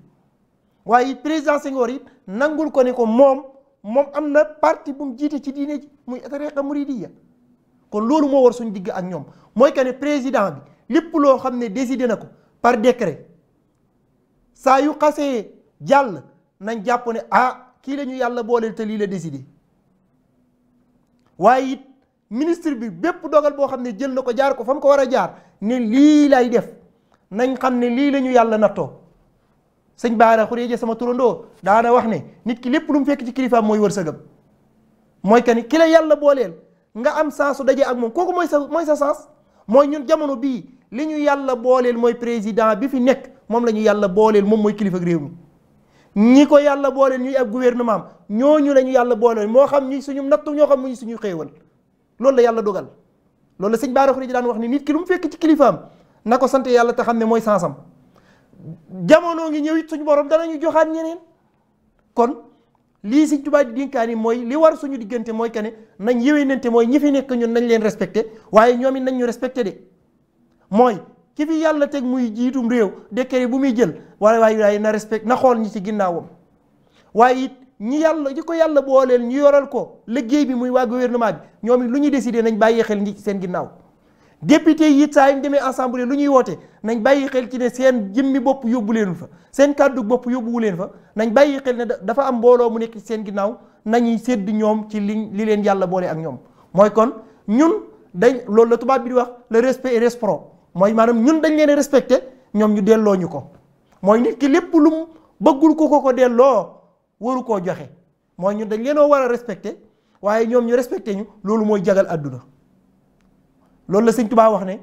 waaye président Senghor it nangul ko ne ko moom moom am na parti bu mu jiite ci diine ji muy tariqa muridiya kon loolu moo war suñu digg ak ñoom mooy que ne président bi lépp loo xam ne décidé na ko par décret saa yu xasee jàll nañ jàpp ne ah kii la yàlla booleel te lii la décidé waaye it ministre bi bépp dogal boo xam ne jël na ko jaar ko fa mu ko war a jaar ne lii lay def nañ xam ne lii la ñu yàlla nattoo sëñ Baara Xuréje sama turandoo daana wax ne nit ki lépp lu mu fekk ci kilifaam mooy wërsëgam mooy que ni ki la yàlla booleel nga am sens su dajee ak moom kooku mooy sa mooy sa sens mooy ñun jamono bii li ñu yàlla booleel mooy président bi fi nekk moom la ñu yàlla booleel moom mooy kilifa réew mi. ñi ko yàlla boole ñuy ab gouvernement am ñooñu la ñu yàlla boole moo xam ñu suñu nattu ñoo xam muy suñu xéewal loolu la yàlla dogal loolu la sëñ Bara Khourédia daan wax ni nit ki lu mu fekk ci kilifaam sant yàlla te xam ne mooy sansam jamono ngi ñëw it suñu borom danañu joxaat ñeneen kon lii sëñ Tuubaa di dénkaan mooy li war suñu diggante mooy que ne nañ yéwénante mooy ñi fi nekk ñun nañ leen respecté waaye ñoom it nañ ñu respecté de mooy ci fi yàlla teg muy jiitum réew décret bu muy jël wala waaye na respect na xool ñi ci ginnaawam waaye it ñi yàlla ñi ko yàlla booleel ñu yoral ko liggéey bi muy waa gouvernement bi ñoom it lu ñuy décidé nañ bàyyi xel ñi ci seen ginnaaw député yi it saa yu demee assemblée lu ñuy woote nañ bàyyi xel ci ne seen jëmmi bopp yóbbu leenu fa seen kàddu bopp wu leen fa nañ bàyyi xel ne dafa am mbooloo mu nekk ci seen ginnaaw nañuy sédd ñoom ci li li leen yàlla boole ak ñoom mooy kon ñun dañ loolu la tubaab bi di wax le respect et mooy maanaam ñun dañ leen respecté ñoom ñu delloo ñu ko mooy nit ki lépp lu bëggul ko ko ko delloo waru koo joxe mooy ñun dañ leen war a respecté waaye ñoom ñu respecté ñu loolu mooy jagal àdduna loolu la sëñ Tuubaa wax ne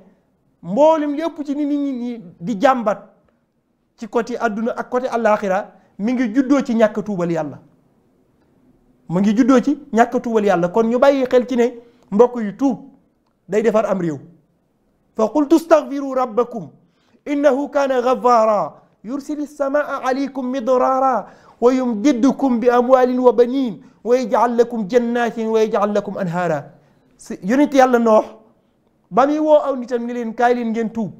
mboolem li ci nit ñi di jàmbat ci côté àdduna ak côté àllaaxira mi ngi juddoo ci ñàkk tuubal yàlla mu ngi juddoo ci ñàkk tuubal yàlla kon ñu bàyyi xel ci ne mbokk yu tuub day defar am réew fa qultu staghfiru rabbakum innahu kaana ghaffara yursili samaa alaykum midraara wa yumdiddukum bi amwaalin wa baniin wa yaj'al lakum jannatin wa yaj'al lakum anhaara yonent yàlla noox ba muy woo aw nitam ni leen kaay leen ngeen tuub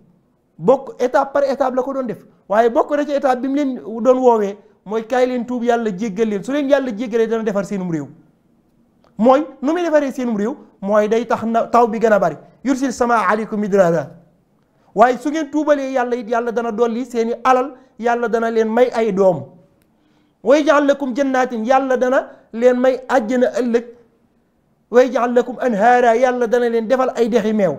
bokk étape par étape la ko doon def waaye bokk na ci étape bi mu leen doon woowee mooy kaay leen tuub yàlla jéggal leen su leen yàlla jéggalee dana defar seenum réew mooy nu muy defaree seenum réew mooy day tax na taw bi gën a bari yursil sama aleykum midraara waaye su ngeen tuubalee yàlla it yàlla dana dolli seeni alal yàlla dana leen may ay doom way jaal lakum jannatin yàlla dana leen may àjjana ëllëg way jaal lakum anhaara yàlla dana leen defal ay dexi meew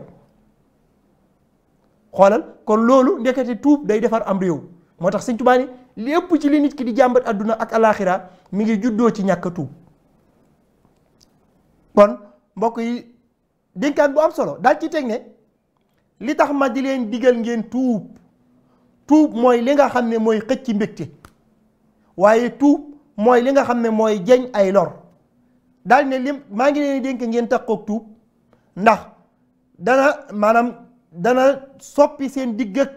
xoolal kon loolu ndekete tuub day defar am réew moo tax sëñ Tuubaa ni lépp ci li nit ki di jàmbat àdduna ak alaaxira mi ngi juddoo ci ñàkk tuub kon mbokk yi dénkaan bu am solo daal ci teg ne li tax ma di leen digal ngeen tuub tuub mooy li nga xam ne mooy xëcc mbégte waaye tuub mooy li nga xam ne mooy jeñ ay lor daal ne lim maa ngi leen dénk ngeen tax takkoog tuub ndax dana maanaam dana soppi seen digg ak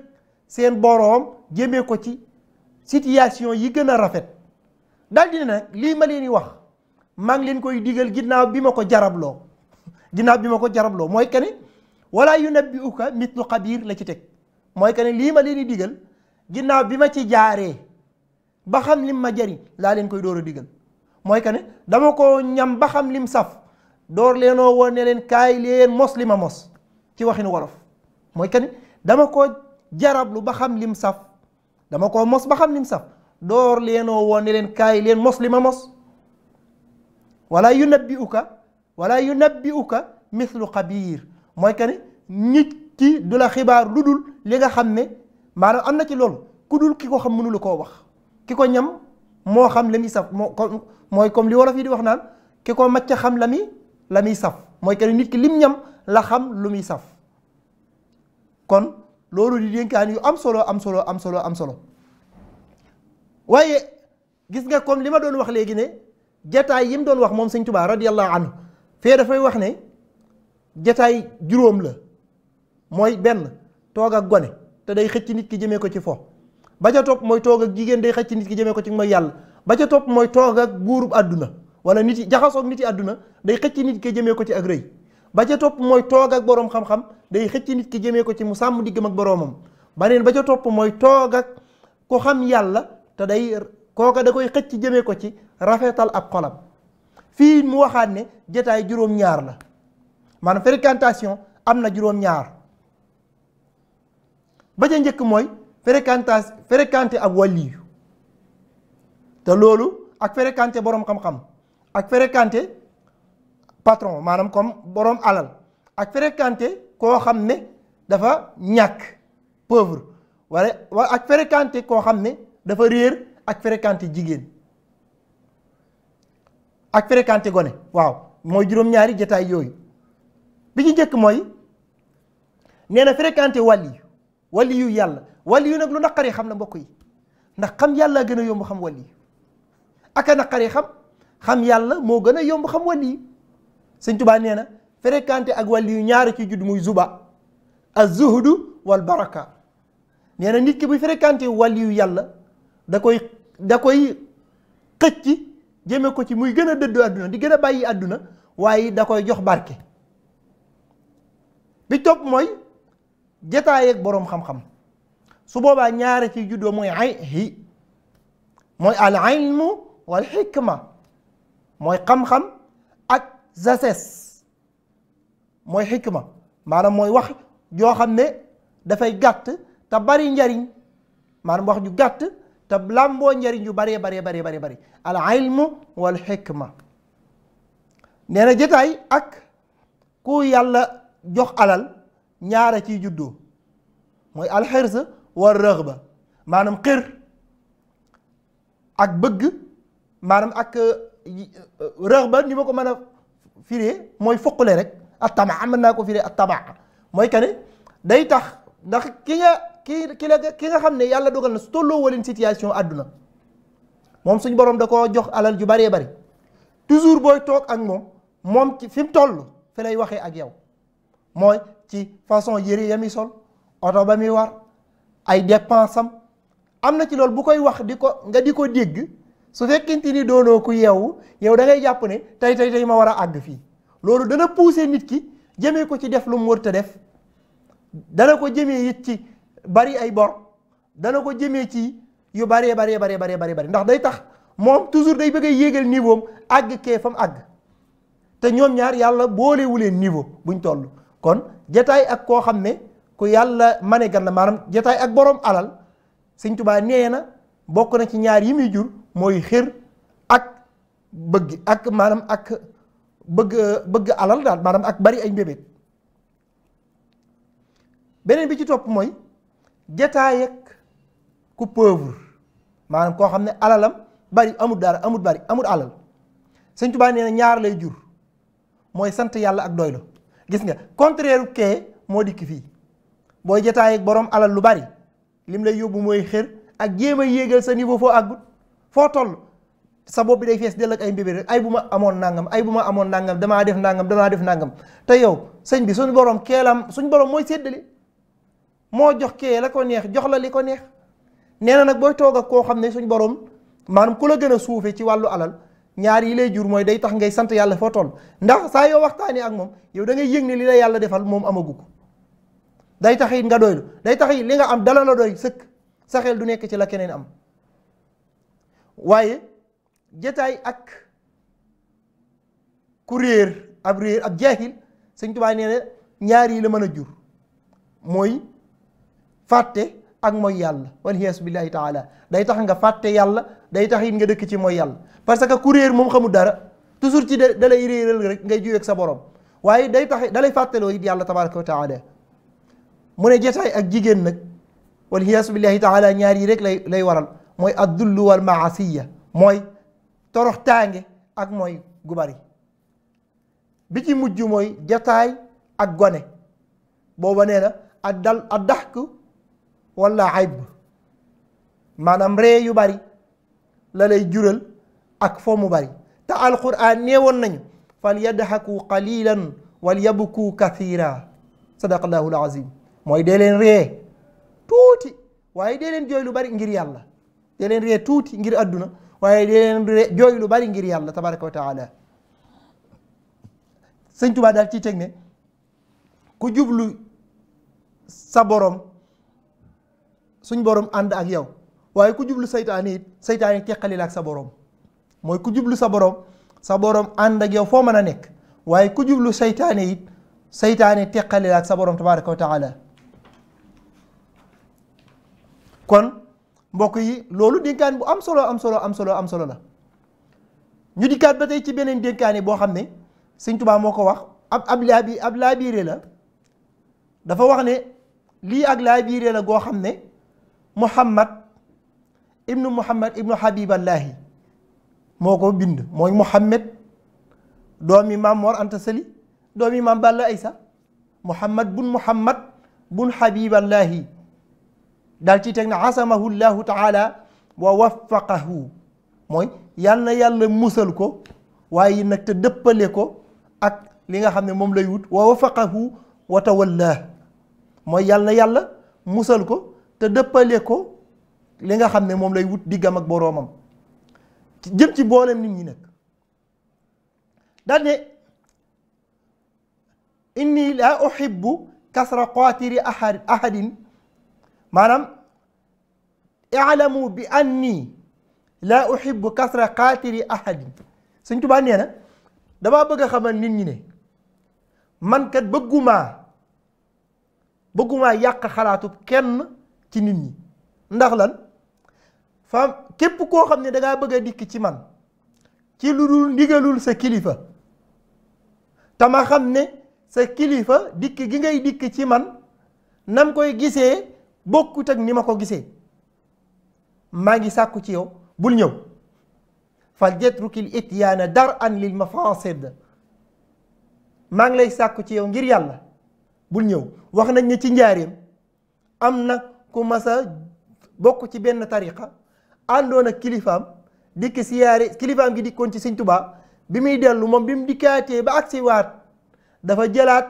seen boroom jëmee ko ci situation yi gën a rafet dal di ne nag lii ma leen di wax maa ngi leen koy digal ginnaaw bi ma ko jarabloo ginnaaw bi ma ko jarabloo mooy que ni wala yunabbi'uka mithlu xabiir la ci teg mooy que ni lii ma leen di digal ginnaaw bi ma ci jaaree ba xam lim ma jari laa leen koy door a digal mooy que ne dama ko ñam ba xam lim saf door leenoo woon leen kaay leen mos li ma mos ci waxinu wolof mooy que dama ko jarablu ba xam lim saf dama ko mos ba xam lim saf door leenoo woon ne leen kaay leen mos li ma mos wala yunabbi'uka yu wala yunabbi'uka mislu xabiir mooy que nit ki du la xibaar lu dul li nga xam ne maanaam am na ci loolu ku dul ki ko xam mënula koo wax ki ko ñam moo xam la muy saf mooy comme li wolof yi di wax naan ki ko macca xam la muy la muy saf mooy que nit ki lim ñam la xam lu muy saf kon loolu di dénkaan yu am solo am solo am solo am solo waaye gis nga comme li ma doon wax léegi ne jataay yi mu doon wax moom sëñ Tuubaa radiyallahu anhu fee dafay wax ne jataay juróom la mooy benn toog ak gone te day xëcc nit ki jëmee ko ci fo ba ca topp mooy toog ak jigéen day xëcc nit ki jëmee ko ci mooy yàlla ba ca topp mooy toog ak àdduna wala nit yi jaxasoog nit yi àdduna day xëcc nit ki jëmee ko ci ak rëy ba ca topp mooy toog ak boroom xam-xam day xëcc nit ki jëmee ko ci mu sàmm diggam ak boroomam baneen ba ca topp mooy toog ak ku xam yàlla te day kooka da koy xëcc jëmee ko ci rafetal ab xolam fii mu waxaat ne jataay juróom-ñaar la maanaam fréquentation am na juróom-ñaar ba ca njëkk mooy fréquentation fréquenté ab wàlliyu te loolu ak fréquenté boroom xam-xam ak fréquenté patron maanaam comme boroom alal ak fréquenté koo xam ne dafa ñàkk pauvre walla ak fréquenté koo xam ne dafa réer ak fréquenté jigéen ak fréquenté gone waaw mooy juróom-ñaari jataay yooyu bi ñu njëkk mooy nee na fréquenté wàlli yu wàlli yàlla wàlli yu nag lu naqaree xam na mbokk yi ndax xam yàlla gën a yomb xam wàlli yu ak a naqaree xam xam yàlla moo gën a yomb xam wàlli yu sëñ Tuubaa nee na fréquenté ak wàlli ñaar ñaari ci judd muy zuba az zuhdu wal baraka nee nit ki bu fréquenté wàlli yàlla da koy da koy xëcc jëme ko ci muy gën a dëddu àdduna di gën a bàyyi àdduna waaye da koy jox barke bi topp mooy jataay ak boroom xam-xam su boobaa ñaare ci juddoo mooy hi mooy al ilmu wal xikma mooy xam-xam ak sagesse mooy xikma maanaam mooy wax joo xam ne dafay gàtt te bari njariñ maanaam wax ju gàtt te làmboo njariñ yu baree baree baree baree bari al ilmu wal xikma nee na jataay ak ku yàlla jox alal ñaara ci juddo mooy al xirs war raxba maanaam xir ak bëgg maanaam ak euh, euh, raxba ni ko mën a firee mooy foqule rek at tama mën naa ko firee at tama mooy que day tax ndax ki nga ki ki la ki nga xam ne yàlla dogal na su tolloo waleen situation àdduna moom suñ borom da ko jox alal ju baree bëri toujours booy toog ak moom moom ci fi mu toll fi lay waxee ak yow mooy ci façon yére ya muy sol oto ba muy war ay dépense am am na ci lool bu koy wax di ko nga di ko dégg su fekkente ni doonoo ku yeewu yow da ngay jàpp ne tey tey tey ma war a àgg fii loolu dana pousser nit ki jëmee ko ci def lu mu wër te def dana ko jëmee it ci bari ay bor dana ko jëmee ci yu baree bari bari baree bari ndax day tax moom toujours day bëgg a yéegal niveau am àgg kee fa mu àgg te ñoom ñaar yàlla boolewu leen niveau buñ toll kon jataay ak koo xam ne ku yàlla mane gan la maanaam jataay ak boroom alal Sëñ Tuubaa nee na bokk na ci ñaar yi muy jur mooy xër ak bëgg ak maanaam ak bëgg bëgg alal daal maanaam ak bari ay mbébét beneen bi ci topp mooy. jataay ak ku pauvre maanaam koo xam ne alalam bari amut dara amut bari amut alal sëñ Tuubaa nee na ñaar lay jur mooy sant yàlla ak doylu gis nga contraire u kee moo dikk fii booy jataay ak borom alal lu bari lim lay yóbbu mooy xër ak jéem a yéegal sa niveau foo àggut foo toll sa bopp bi day fees dell ak ay mbébé ay bu ma amoon nangam ay bu ma amoon nangam damaa def nangam damaa def nangam te yow sëñ bi suñu borom keelam suñu borom mooy séddale. moo jox kee la ko neex jox la li ko neex nee na nag booy toog ak koo xam ne suñ borom maanaam ku la gën a suufee ci wàllu alal ñaar yi lay jur mooy day tax ngay sant yàlla foo toll ndax saa yoo waxtaanee ak moom yow dangay ngay yëg ne li la yàlla defal moom amagu ko day tax it nga doylu day tax it li nga am dala la doy sëkk sa du nekk ci la keneen am waaye jataay ak ku réer ab réer ab jaahil Sëñ Tuubaa nee na ñaar yi la mën a jur mooy fàtte ak mooy yàlla walhiyaas billahi taala day tax nga fàtte yàlla day tax it nga dëkk ci mooy yàlla parce que ku réer moom xamul dara toujours ci da réeral rek ngay juyeeg sa borom waaye day tax da lay fàttaloo it yàlla tabaraka wa taala mu ne jataay ak jigéen nag walhiyaas billahi taala ñaar yi rek lay lay waral mooy addullu wal maasiya mooy torox taange ak mooy gu bari bi ci mujj mooy jataay ak gone booba nee na ak dal ak daxku wala ayib ba maanaam ree yu bari la lay jural ak fo mu bari te alquran neewoon nañu fal yadhaku qalilan wal yabku kathira sadaqallahu alazim mooy dee leen ree tuuti waaye dee leen jooy lu bari ngir yàlla dee leen ngir adduna waaye dee lu bari ngir yàlla tabaraka wa taala sëñ Tuubaa daal ci teg ne ku jublu sa borom suñ boroom ànd ak yow waaye ku jublu saytaane it saytaane teqalil ak sa borom mooy ku jublu sa boroom sa borom ànd ak yow foo mën a nekk waaye ku jublu saytaane it seytaane teqalil ak sa boroom tabaraka wa taala kon mbokk yi loolu dénkaan bu am solo am solo am solo am solo la ñu dikkaat ba tey ci beneen dénkaane boo xam ne sëñ Tuubaa moo ko wax ab ab laa bi ab laabiire la dafa wax ne lii ak laabiire la goo xam ne muhammad ibnu muhammad ibnu habiballahi moo ko bind mooy muhammad doomi maam Mor Anta Sali doomi maam Balla Aysa muhammad bun muhammad bun habiballahi daal ci teg na asamahu taala wa waffaqahu mooy yal na yàlla musal ko waaye nag te dëppale ko ak li nga xam ne moom lay wut wa waffaqahu wa mooy yal na yàlla musal ko te dëppale ko li nga xam ne moom lay wut diggam ak boroomam ci jëm ci boolem nit ñi nag daal ne inni laa uhibbu kasra qaatiri ahad ahadin maanaam i'lamu bi anni laa uhibbu kasra qaatiri ahadin Sëñ Tuubaa nee na damaa bëgg a xamal nit ñi ne man kat bëggumaa bëggumaa yàq xalaatu kenn ci nit ñi ndax lan fam képp koo xam ne dangaa bëgg dikk ci man ci lu dul ndigalul sa kilifa tama xam ne sa kilifa dikk gi ngay dikk ci man nam koy gisee bokkut ak ni ma ko gisee maa ngi sàkku ci yow bul ñëw fal jetrukil ityaana dar an lil sedd maa ngi lay sàkku ci yow ngir yàlla bul ñëw wax nañ ne ci njaareem am na ku masa bokk ci benn tariqa àndoon ak kilifaam dikk siyaare kilifaam gi dikkoon ci sëñ tubaa bi muy dellu moom bi mu dikkaatee ba agsi waat dafa jëlaat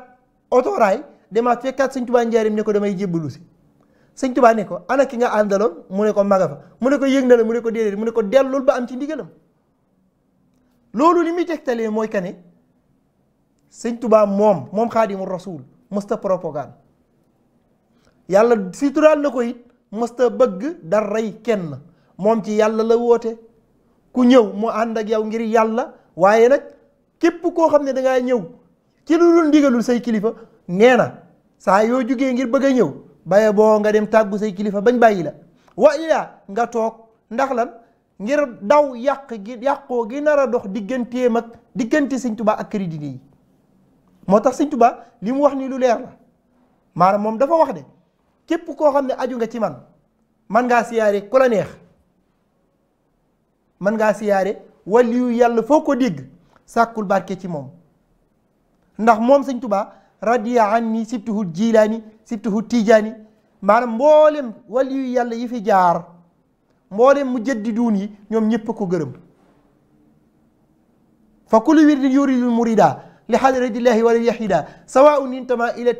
otoraay demaat fekkaat sëñ tubaa njaarim ne ko damay jébbalu si sëñ tubaa ko ana ki nga àndaloon mu ne ko maga fa mu ne ko yëg na la mu ne ko déedéet mu ne ko dellul ba am ci ndigalam loolu li muy tegtalee mooy kane sëñ tubaa moom moom xaadimu rasul musta propagande yàlla suturaal na ko it mësta bëgg dara rey kenn moom ci yàlla la woote ku ñëw mu ànd ak yow ngir yàlla waaye nag képp koo xam ne da ñëw ci lu dul ndigalul say kilifa nee na saa yoo jugee ngir bëgg a ñëw baye boo nga dem tàggu say kilifa bañ bàyyi la wa ilaa nga toog ndax lan ngir daw yàq gi yàqoo gi nar a dox digganteem ak diggante sëñ Tuubaa ak këri diine yi moo tax sëñ Tuubaa li mu wax nii lu leer la maanaam moom dafa wax de képp koo xam ne aju nga ci man man ngaa siyaare ku la neex man ngaa siyaare waliyu yàlla foo ko dégg sàkkul barke ci moom ndax moom sëñ tubaa radiya anni sibtuhu jilaani sibtuhu tijaani maanaam mboolem waliyu yàlla yi fi jaar mboolem mu jëddi duun yi ñoom ñëpp ko gërëm fa kullu yu yuridul murida li xadratillahi wala yahida sawaun intama ila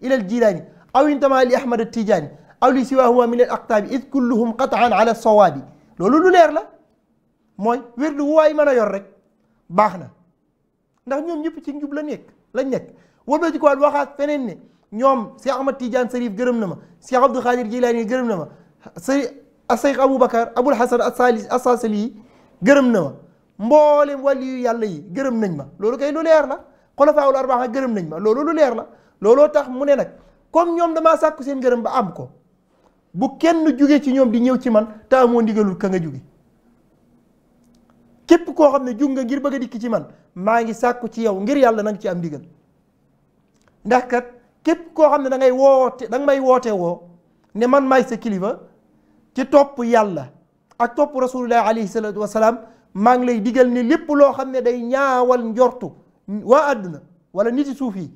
ila al jilaani aw intamaa li ahmad tijaani aw li siwahuma min al aqtaabi id kulluhum qataan ala sawaabi loolu lu leer la mooy wérdu waay mën a yor rek baax na ndax ñoom ñëpp ci njub la nekk lañ nekk wëlbati ko waxaat feneen ne ñoom Cheikh Ahmad Tidiane Sarif gërëm na ma Cheikh Abdou Khadir Jilaani gërëm na ma Cheikh Aboubacar Aboul Hasan Assaasili yi gërëm na ma mboolem waliyu yàlla yi gërëm nañ ma loolu kay lu leer la xulafaawul arbaa gërëm nañ ma loolu lu leer la looloo tax mu ne nag comme ñoom damaa sàkku seen ngërëm ba am ko bu kenn jóge ci ñoom di ñëw ci man te amoo ndigalul ka nga jóge képp koo xam ne jug nga ngir bëgg a dikk ci man maa ngi sàkku ci yow ngir yàlla na nga ci am ndigal ndax kat képp koo xam ne dangay ngay woote da may woote woo ne man maay sa kilifa ci topp yàlla ak topp rasulullah alayhi salaatu wasalaam maa ngi lay digal ni lépp loo xam ne day ñaawal njortu waa àdduna wala nit yi suuf yi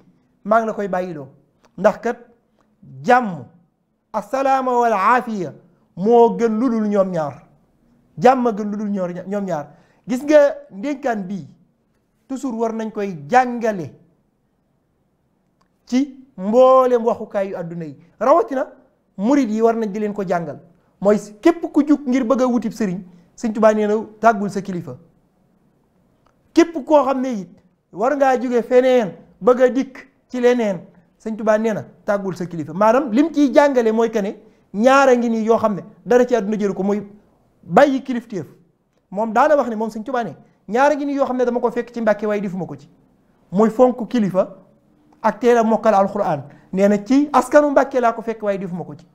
maa ngi la koy bàyyiloo ndax kat jàmm asalaama wal aafiya moo gën lu dul ñoom ñaar jàmm gën lu dul ñoom ñaar gis nga ndenkaan bii toujours war nañ koy jàngale ci mboolem waxukaay yu àdduna yi rawatina murid yi war nañ di leen ko jàngal mooy képp ku jug ngir bëgg a wutib sëriñ sëñ Tuubaa nee na tàggul sa kilifa képp koo xam ne it war ngaa jóge feneen bëgg a dikk ci leneen sëñ tubaa nee na tàggul sa kilifa maanaam lim ciy jàngale mooy que ne ñaara ngi nii yoo xam ne dara ci àdduna jëru ko mooy bàyyi kilifteef moom daana wax ne moom sëñ tubaa ne ñaara ngi nii yoo xam ne dama ko fekk ci mbàkke waaye defuma ko ci muy fonk kilifa ak teel a mokkal nee na ci askanu mbàkke laa ko fekk waaye defuma ko ci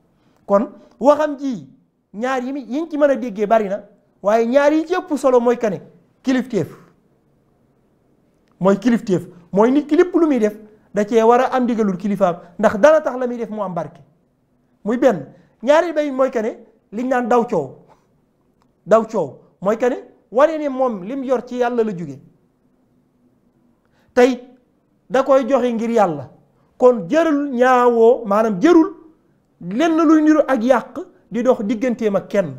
kon waxam ji ñaar yi yiñ ci mën a déggee bari na waaye ñaar yi ci ëpp solo mooy que ne kilifteef mooy kilifteef mooy nit ki lépp lu muy def da cee war a am digalul kilifaam ndax dana tax la muy def mu am barke muy benn ñaari bay mooy que ne liñ naan daw coow daw coow mooy que ne wane ne moom lim yor ci yàlla la jóge tey da koy joxe ngir yàlla kon jërul ñaawoo maanaam jërul lenn luy niru ak yàq di dox digganteem ak kenn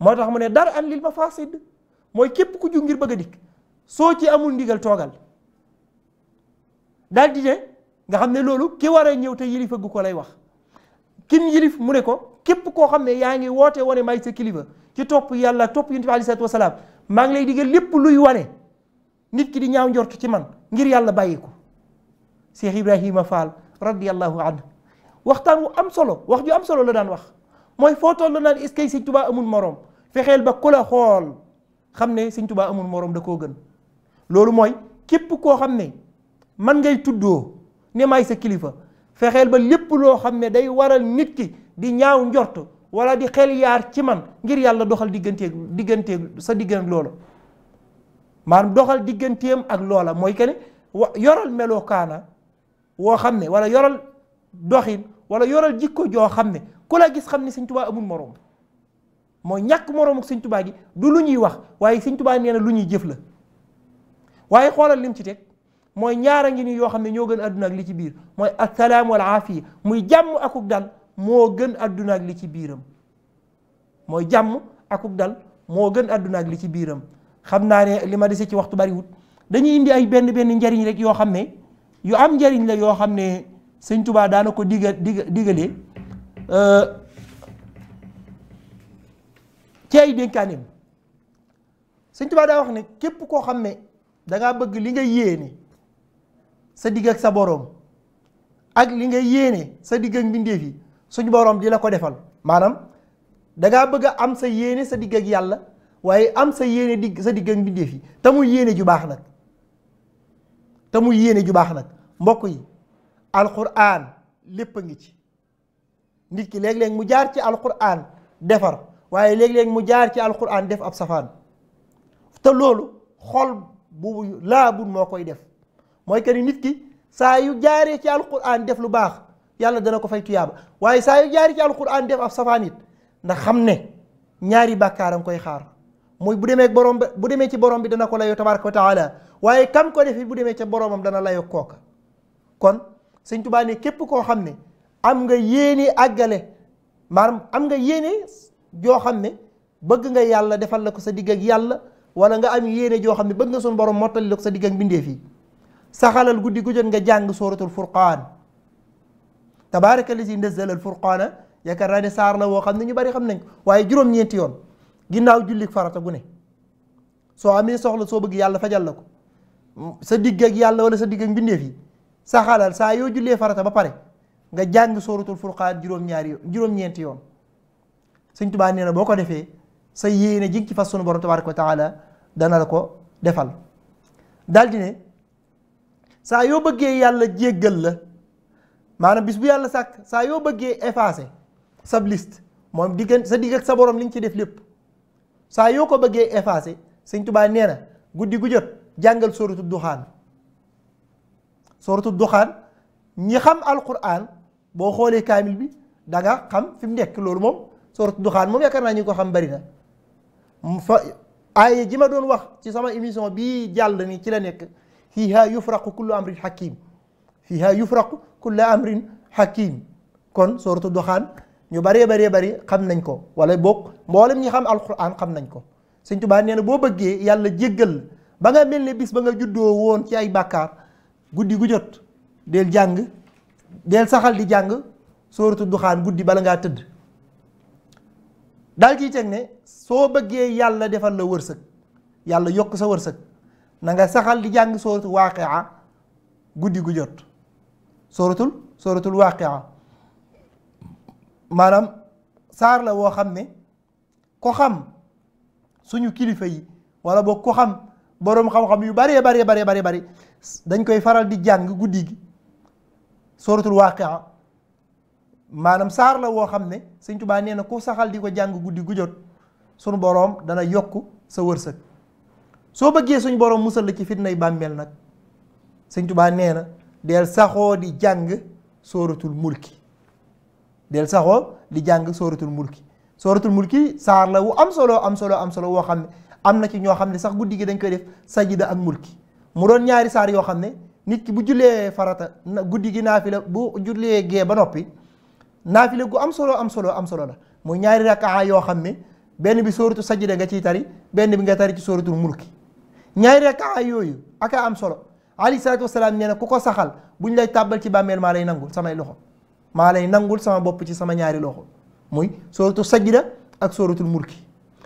moo tax mu ne dara an lil sidd mooy képp ku jug ngir bëgg a dikk soo ci amul ndigal toogal daal di ne nga xam ne loolu ki war a ñëw te gu ko lay wax kim yilif mu ne ko képp koo xam ne yaa ngi woote wane may sa kilifa ci topp yàlla topp yonent bi aleyhi salaatu maa ngi lay digal lépp luy wane nit ki di ñaaw njort ci man ngir yàlla bàyyi ko Cheikh Ibrahima Fall radiyallahu anhu waxtaan wu am solo wax ju am solo la daan wax mooy foo toll naan est-ce que sëñ amul moroom fexeel ba ku la xool xam ne sëñ tubaa amul moroom da koo gën loolu mooy képp koo xam ne. man ngay tuddoo ne maay sa kilifa fexeel ba lépp loo xam ne day waral nit ki di ñaaw njort wala di xel yaar ci man ngir yàlla doxal digganteeg digganteeg sa diggante loola maanaam doxal digganteem ak loola mooy que ne wa yoral melokaana woo xam ne walla yoral doxin wala yoral jikko joo xam ne ku la gis xam ne Sëñ Tuubaa amul moroom mooy ñàkk moroomu Sëñ Tuubaa gi du lu ñuy wax waaye Sëñ Tuubaa nee na lu ñuy jëf la waaye xoolal lim ci teg mooy ñaara ngi nii yoo xam ne ñoo gën adduna ak li ci biir mooy asalaam wal aafiya muy jàmm akuk dal moo gën adduna ak li ci biiram mooy jàmm akuk dal moo gën adduna ak li ci biiram xam naa ne li ma dese ci waxtu bariwut dañuy indi ay benn benn njariñ rek yoo xam ne yu am njariñ la yoo xam ne sëñ Tuubaa daana ko diga diga digalee euh, ci ay dénkaaneem sëñ Tuubaa daa wax ne képp koo xam ne da bëgg li nga yéene sa digg ak sa boroom ak li nga yéene sa digg ak mbindeef yi suñu boroom di la ko defal maanaam dangaa bëgg a am sa yéene sa digg ak yàlla waaye am sa yéene digg sa digg ak mbindeef yi te mu yéene ju baax nag te mu yéene ju baax nag mbokk yi alxuraan lépp a ngi ci nit ki léeg-léeg mu jaar ci alxuraan defar waaye léeg-léeg mu jaar ci alxuraan def ab safaan te loolu xol bu laa moo koy def mooy que ni nit ki saa yu jaaree ci alquran def lu baax yàlla dana ko fay tuyaaba waaye saa yu jaaree ci alquran def ab safaan it ndax xam ne ñaari bàkkaaram koy xaar mooy bu demee borom bu demee ci borom bi dana ko layoo tabaraka wa taala waaye kam ko def it bu demee ca boromam dana layoo kooka kon sëñ képp koo xam ne am nga yéene àggale maanaam am nga yéene joo xam ne bëgg nga yàlla defal la ko sa digg ak yàlla wala nga am yéene joo xam ne bëgg nga suñu borom mottali la ko sa digg ak mbindeef yi saxalal guddi gu jot nga jàng suratul furqaan tabaaraka lazi nazzala al furqaana yaakaar naa ne saar la woo xam ne ñu bari xam nañ ko waaye juróom-ñeenti yoon ginnaaw jullik farata gu soo amee soxla soo bëgg yàlla fajal la ko sa digg ak yàlla wala sa digg ak mbindeef yi saxalal saa yoo jullee farata ba pare nga jàng suratul furqaan juróom-ñaari yoon ñeenti yoon Sëñ Tuubaa nee na boo ko defee sa yéene ji nga ci fas sunu borom tabaaraka wa taala dana la ko defal saa yoo bëggee yàlla jéggal la maanaam bis bu yàlla sàkk saa yoo bëggee effacer sab liste moom diggante sa digg sa borom liñ nga ci def lépp saa yoo ko bëggee effacer sëñ Tuubaa nee na guddi gu jot jàngal sooratu duxaan sooratu duxaan ñi xam alquran boo xoolee kaamil bi danga xam fi mu nekk loolu moom sooratu duxaan moom yaakaar naa ñi ko xam bari na fa ay ji ma doon wax ci sama émission bii jàll ni ci la nekk. fiiha yufraqu kullu amrin hakim fiiha yufraqu kullu amrin hakim kon sooratu doxaan ñu bëree bëree bari xam nañ ko wala boog mboolem ñi xam alquran xam nañ ko sëñ Tuubaa nee na boo bëggee yàlla jéggal ba nga mel ne bis ba nga juddoo woon ci ay bàkkaar guddi gu jot del jàng del saxal di jàng sooratu duxaan guddi bala ngaa tëdd daal ciy teg ne soo bëggee yàlla defal la wërsëg yàlla yokk sa wërsëg nanga saxal di jàng sóoratu waaqia guddi gu jot sóoratul sóoratul waaqia maanaam saar la woo xam ne ko xam suñu kilifa yi wala boog ko xam boroom xam-xam yu baree baree baree baree bari dañ koy faral di jàng guddi gi sóoratul waaqia maanaam saar la woo xam ne Sëñ Tuubaa nee na ku saxal di ko jàng guddi gu jot sunu boroom dana yokk sa wërsëg soo bëggee suñu borom musal la ci fitnay bàmmeel nag sëñ Tuubaa nee na del saxoo di jàng sooratul mulki del saxoo di jàng sooratul mulki sooratul mulki saar la wu am solo am solo am solo woo xam ne am na ci ñoo xam ne sax guddi gi dañ koy def sajida ak mulki mu doon ñaari saar yoo xam ne nit ki bu jullee farata guddi gi naafila bu jullee gee ba noppi naafila gu am solo am solo am solo la muy ñaari rakaa yoo xam ne benn bi sooratu sajida nga ciy tari benn bi nga tari ci sooratul mulki ñaari rakkaa yooyu ak am solo alayhi salaatu wasalaam nee na ku ko saxal bu ñu lay tàbbal ci bàmmeel maa lay nangul samay loxo maa lay nangul sama bopp ci sama ñaari loxo muy sóoratu sajda ak sóoratul murki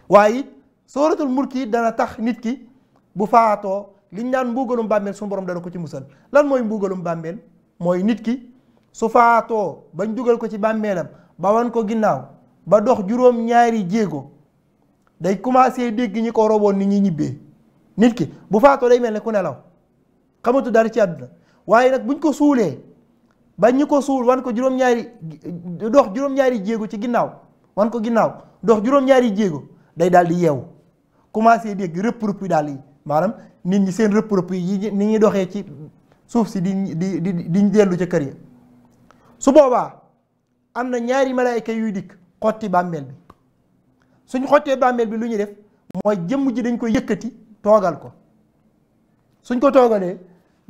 waaye it sóoratul murki dana tax nit ki bu faatoo li ñu naan mbuugalum bàmmeel suñu borom dana ko ci musal lan mooy mbuugalum bàmmeel mooy nit ki su faatoo bañ dugal ko ci bàmmeelam ba wan ko ginnaaw ba dox juróom ñaari jéego day commencé dégg ñi ko roboon ni ñuy ñibbee nit ki bu faatoo day mel ne ku nelaw xamatu dara ci àdduna waaye nag buñ ko suulee ba ñu ko suul wan ko juróom-ñaari dox juróom-ñaari jéego ci ginnaaw wan ko ginnaaw dox juróom-ñaari jéego day daal di yeewu commencé dégg rëpp rëpp yi daal yi maanaam nit ñi seen rëpp rëpp yi ni ñuy doxee ci suuf si di di di diñ dellu ca kër yi su boobaa am na ñaari malaayka yuy dikk xotti bàmmeel bi suñ xottee bàmmeel bi lu ñuy def mooy jëmm ji dañ koy yëkkati toogal ko suñ ko toogalee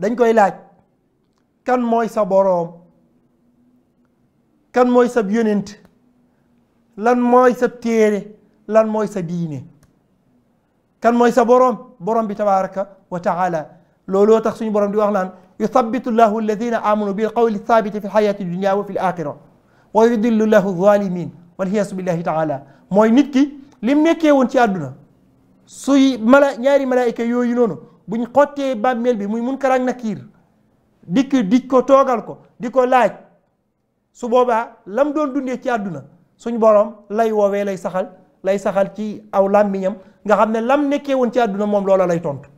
dañ koy laaj kan mooy sa boroom kan mooy sa yonent lan mooy sa téere lan mooy sa diine kan mooy sa boroom borom bi tabaraka wa taala looloo tax suñu boroom di wax naan yuthabitu llahu alladina amanu bil qawli thabiti fi lxayati dunia wa fi l axira wa yudillu llahu zalimin walxiyasu billahi taala mooy nit ki lim nekkee woon ci àdduna suy mala ñaari malaayika yooyu noonu buñ xottee bàmmeel bi muy munkar na kiir dikk di ko toogal ko di ko laaj su boobaa lam doon dundee ci àdduna suñ borom lay woowee lay saxal lay saxal ci aw làmmiñam nga xam ne lam nekkee woon ci àdduna moom loola lay tontu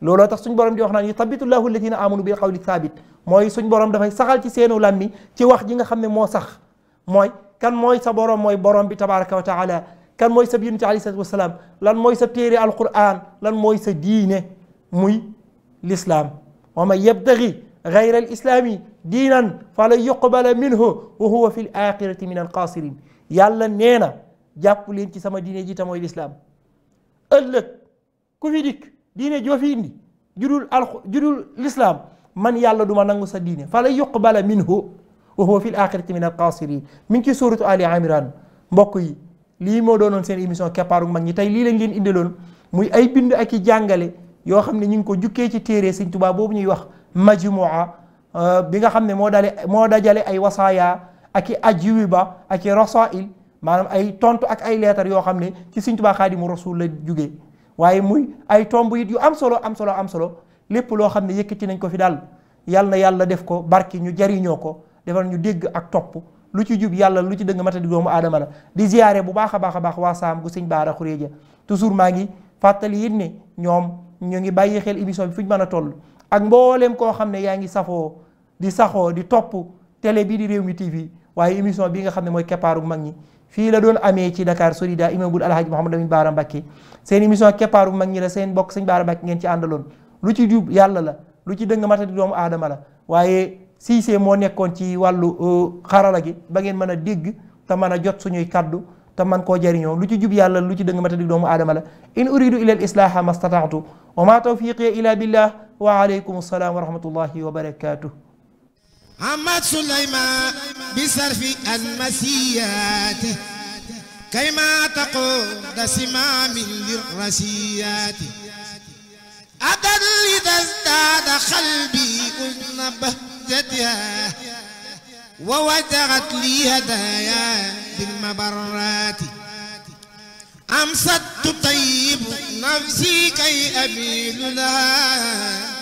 looloo tax suñ borom di wax naan yuthabbitu llaahu bi aamanu bil qawli thaabit mooy suñ borom dafay saxal ci seenu làmmiñ ci wax ji nga xam ne moo sax mooy kan mooy sa boroom mooy borom bi tabaaraka wa taala kan mooy sa yonent alayhi salaatu wasalaam lan mooy sa téere alquran lan mooy sa diine muy l'islaam wa man yabtagi gayra alislaami diinan falan yuqbala minhu wa huwa fi l axirati min alxaasirin yàlla nee na jàpp leen ci sama diine ji te mooy lislaam ëllëg ku fi dikk diine joo fi indi judul al judul lislaam man yàlla duma nangu sa diine falan yuqbala minhu wa huwa fi l axirati min alxaasirin mi ngi ci suuratu ali imran mbokk yi lii moo doonoon seen émission keppaaru mag ñi tey lii lañ leen indiloon muy ay bind ak yi jàngale yoo xam ne ñu ngi ko jukkee ci téere sëñ Tuubaa boobu ñuy wax majmua euh, bi nga xam ne moo dale moo dajale ay wasaaya ak i ajwiba ak i rasail maanaam ay tontu ak ay leetar yoo xam ne ci sëñ Tuubaa xaadimu rasul la jugee waaye muy ay tomb it yu am solo am solo am solo lépp loo xam ne yëkkati nañ ko fi daal yàlla na yàlla def ko barki ñu jariñoo ko defal ñu dégg ak topp lu ci jub yàlla lu ci dëng mata di doomu aadama la di ziyaare bu baax a baax a baax waa saam gu sëñ baara xuréeja toujours maa ngi fàttali it ne ñoom ñoo ngi bàyyi xel émission bi fu ñu mën a toll ak mbooleem koo xam ne yaa ngi safoo di saxoo di topp télé bii di réew mi TV waaye émission bi nga xam ne mooy keppaaru mag ñi fii la doon amee ci Dakar Solida imaamul alhaji Mouhamadou Lamine Bara Mbacké seen émission keppaaru mag ñi la seen bokk sëñ Bara Mbacké ngeen ci àndaloon lu ci jub yàlla la lu ci dëng mata di aadama la Cissé moo nekkoon ci wàllu euh, xarala gi ba ngeen mën a dégg te mën a jot suñuy kaddu te man koo jariñoo lu ci jub yàlla lu ci dëng ma ta dig doomu aadama la in uridu ila al ma stataatu wa ma tawfiqi ila billah wa alaykum assalaam wa rahmatullahi wa barakatuh ahmad sulayman bi sarfi al masiyat kayma taqoda simamin lirrasiyat adan li tasdada qalbi uznaba مدتها وودعت لي هدايا بالمبرات أمسدت طيب نفسي كي أبيل لها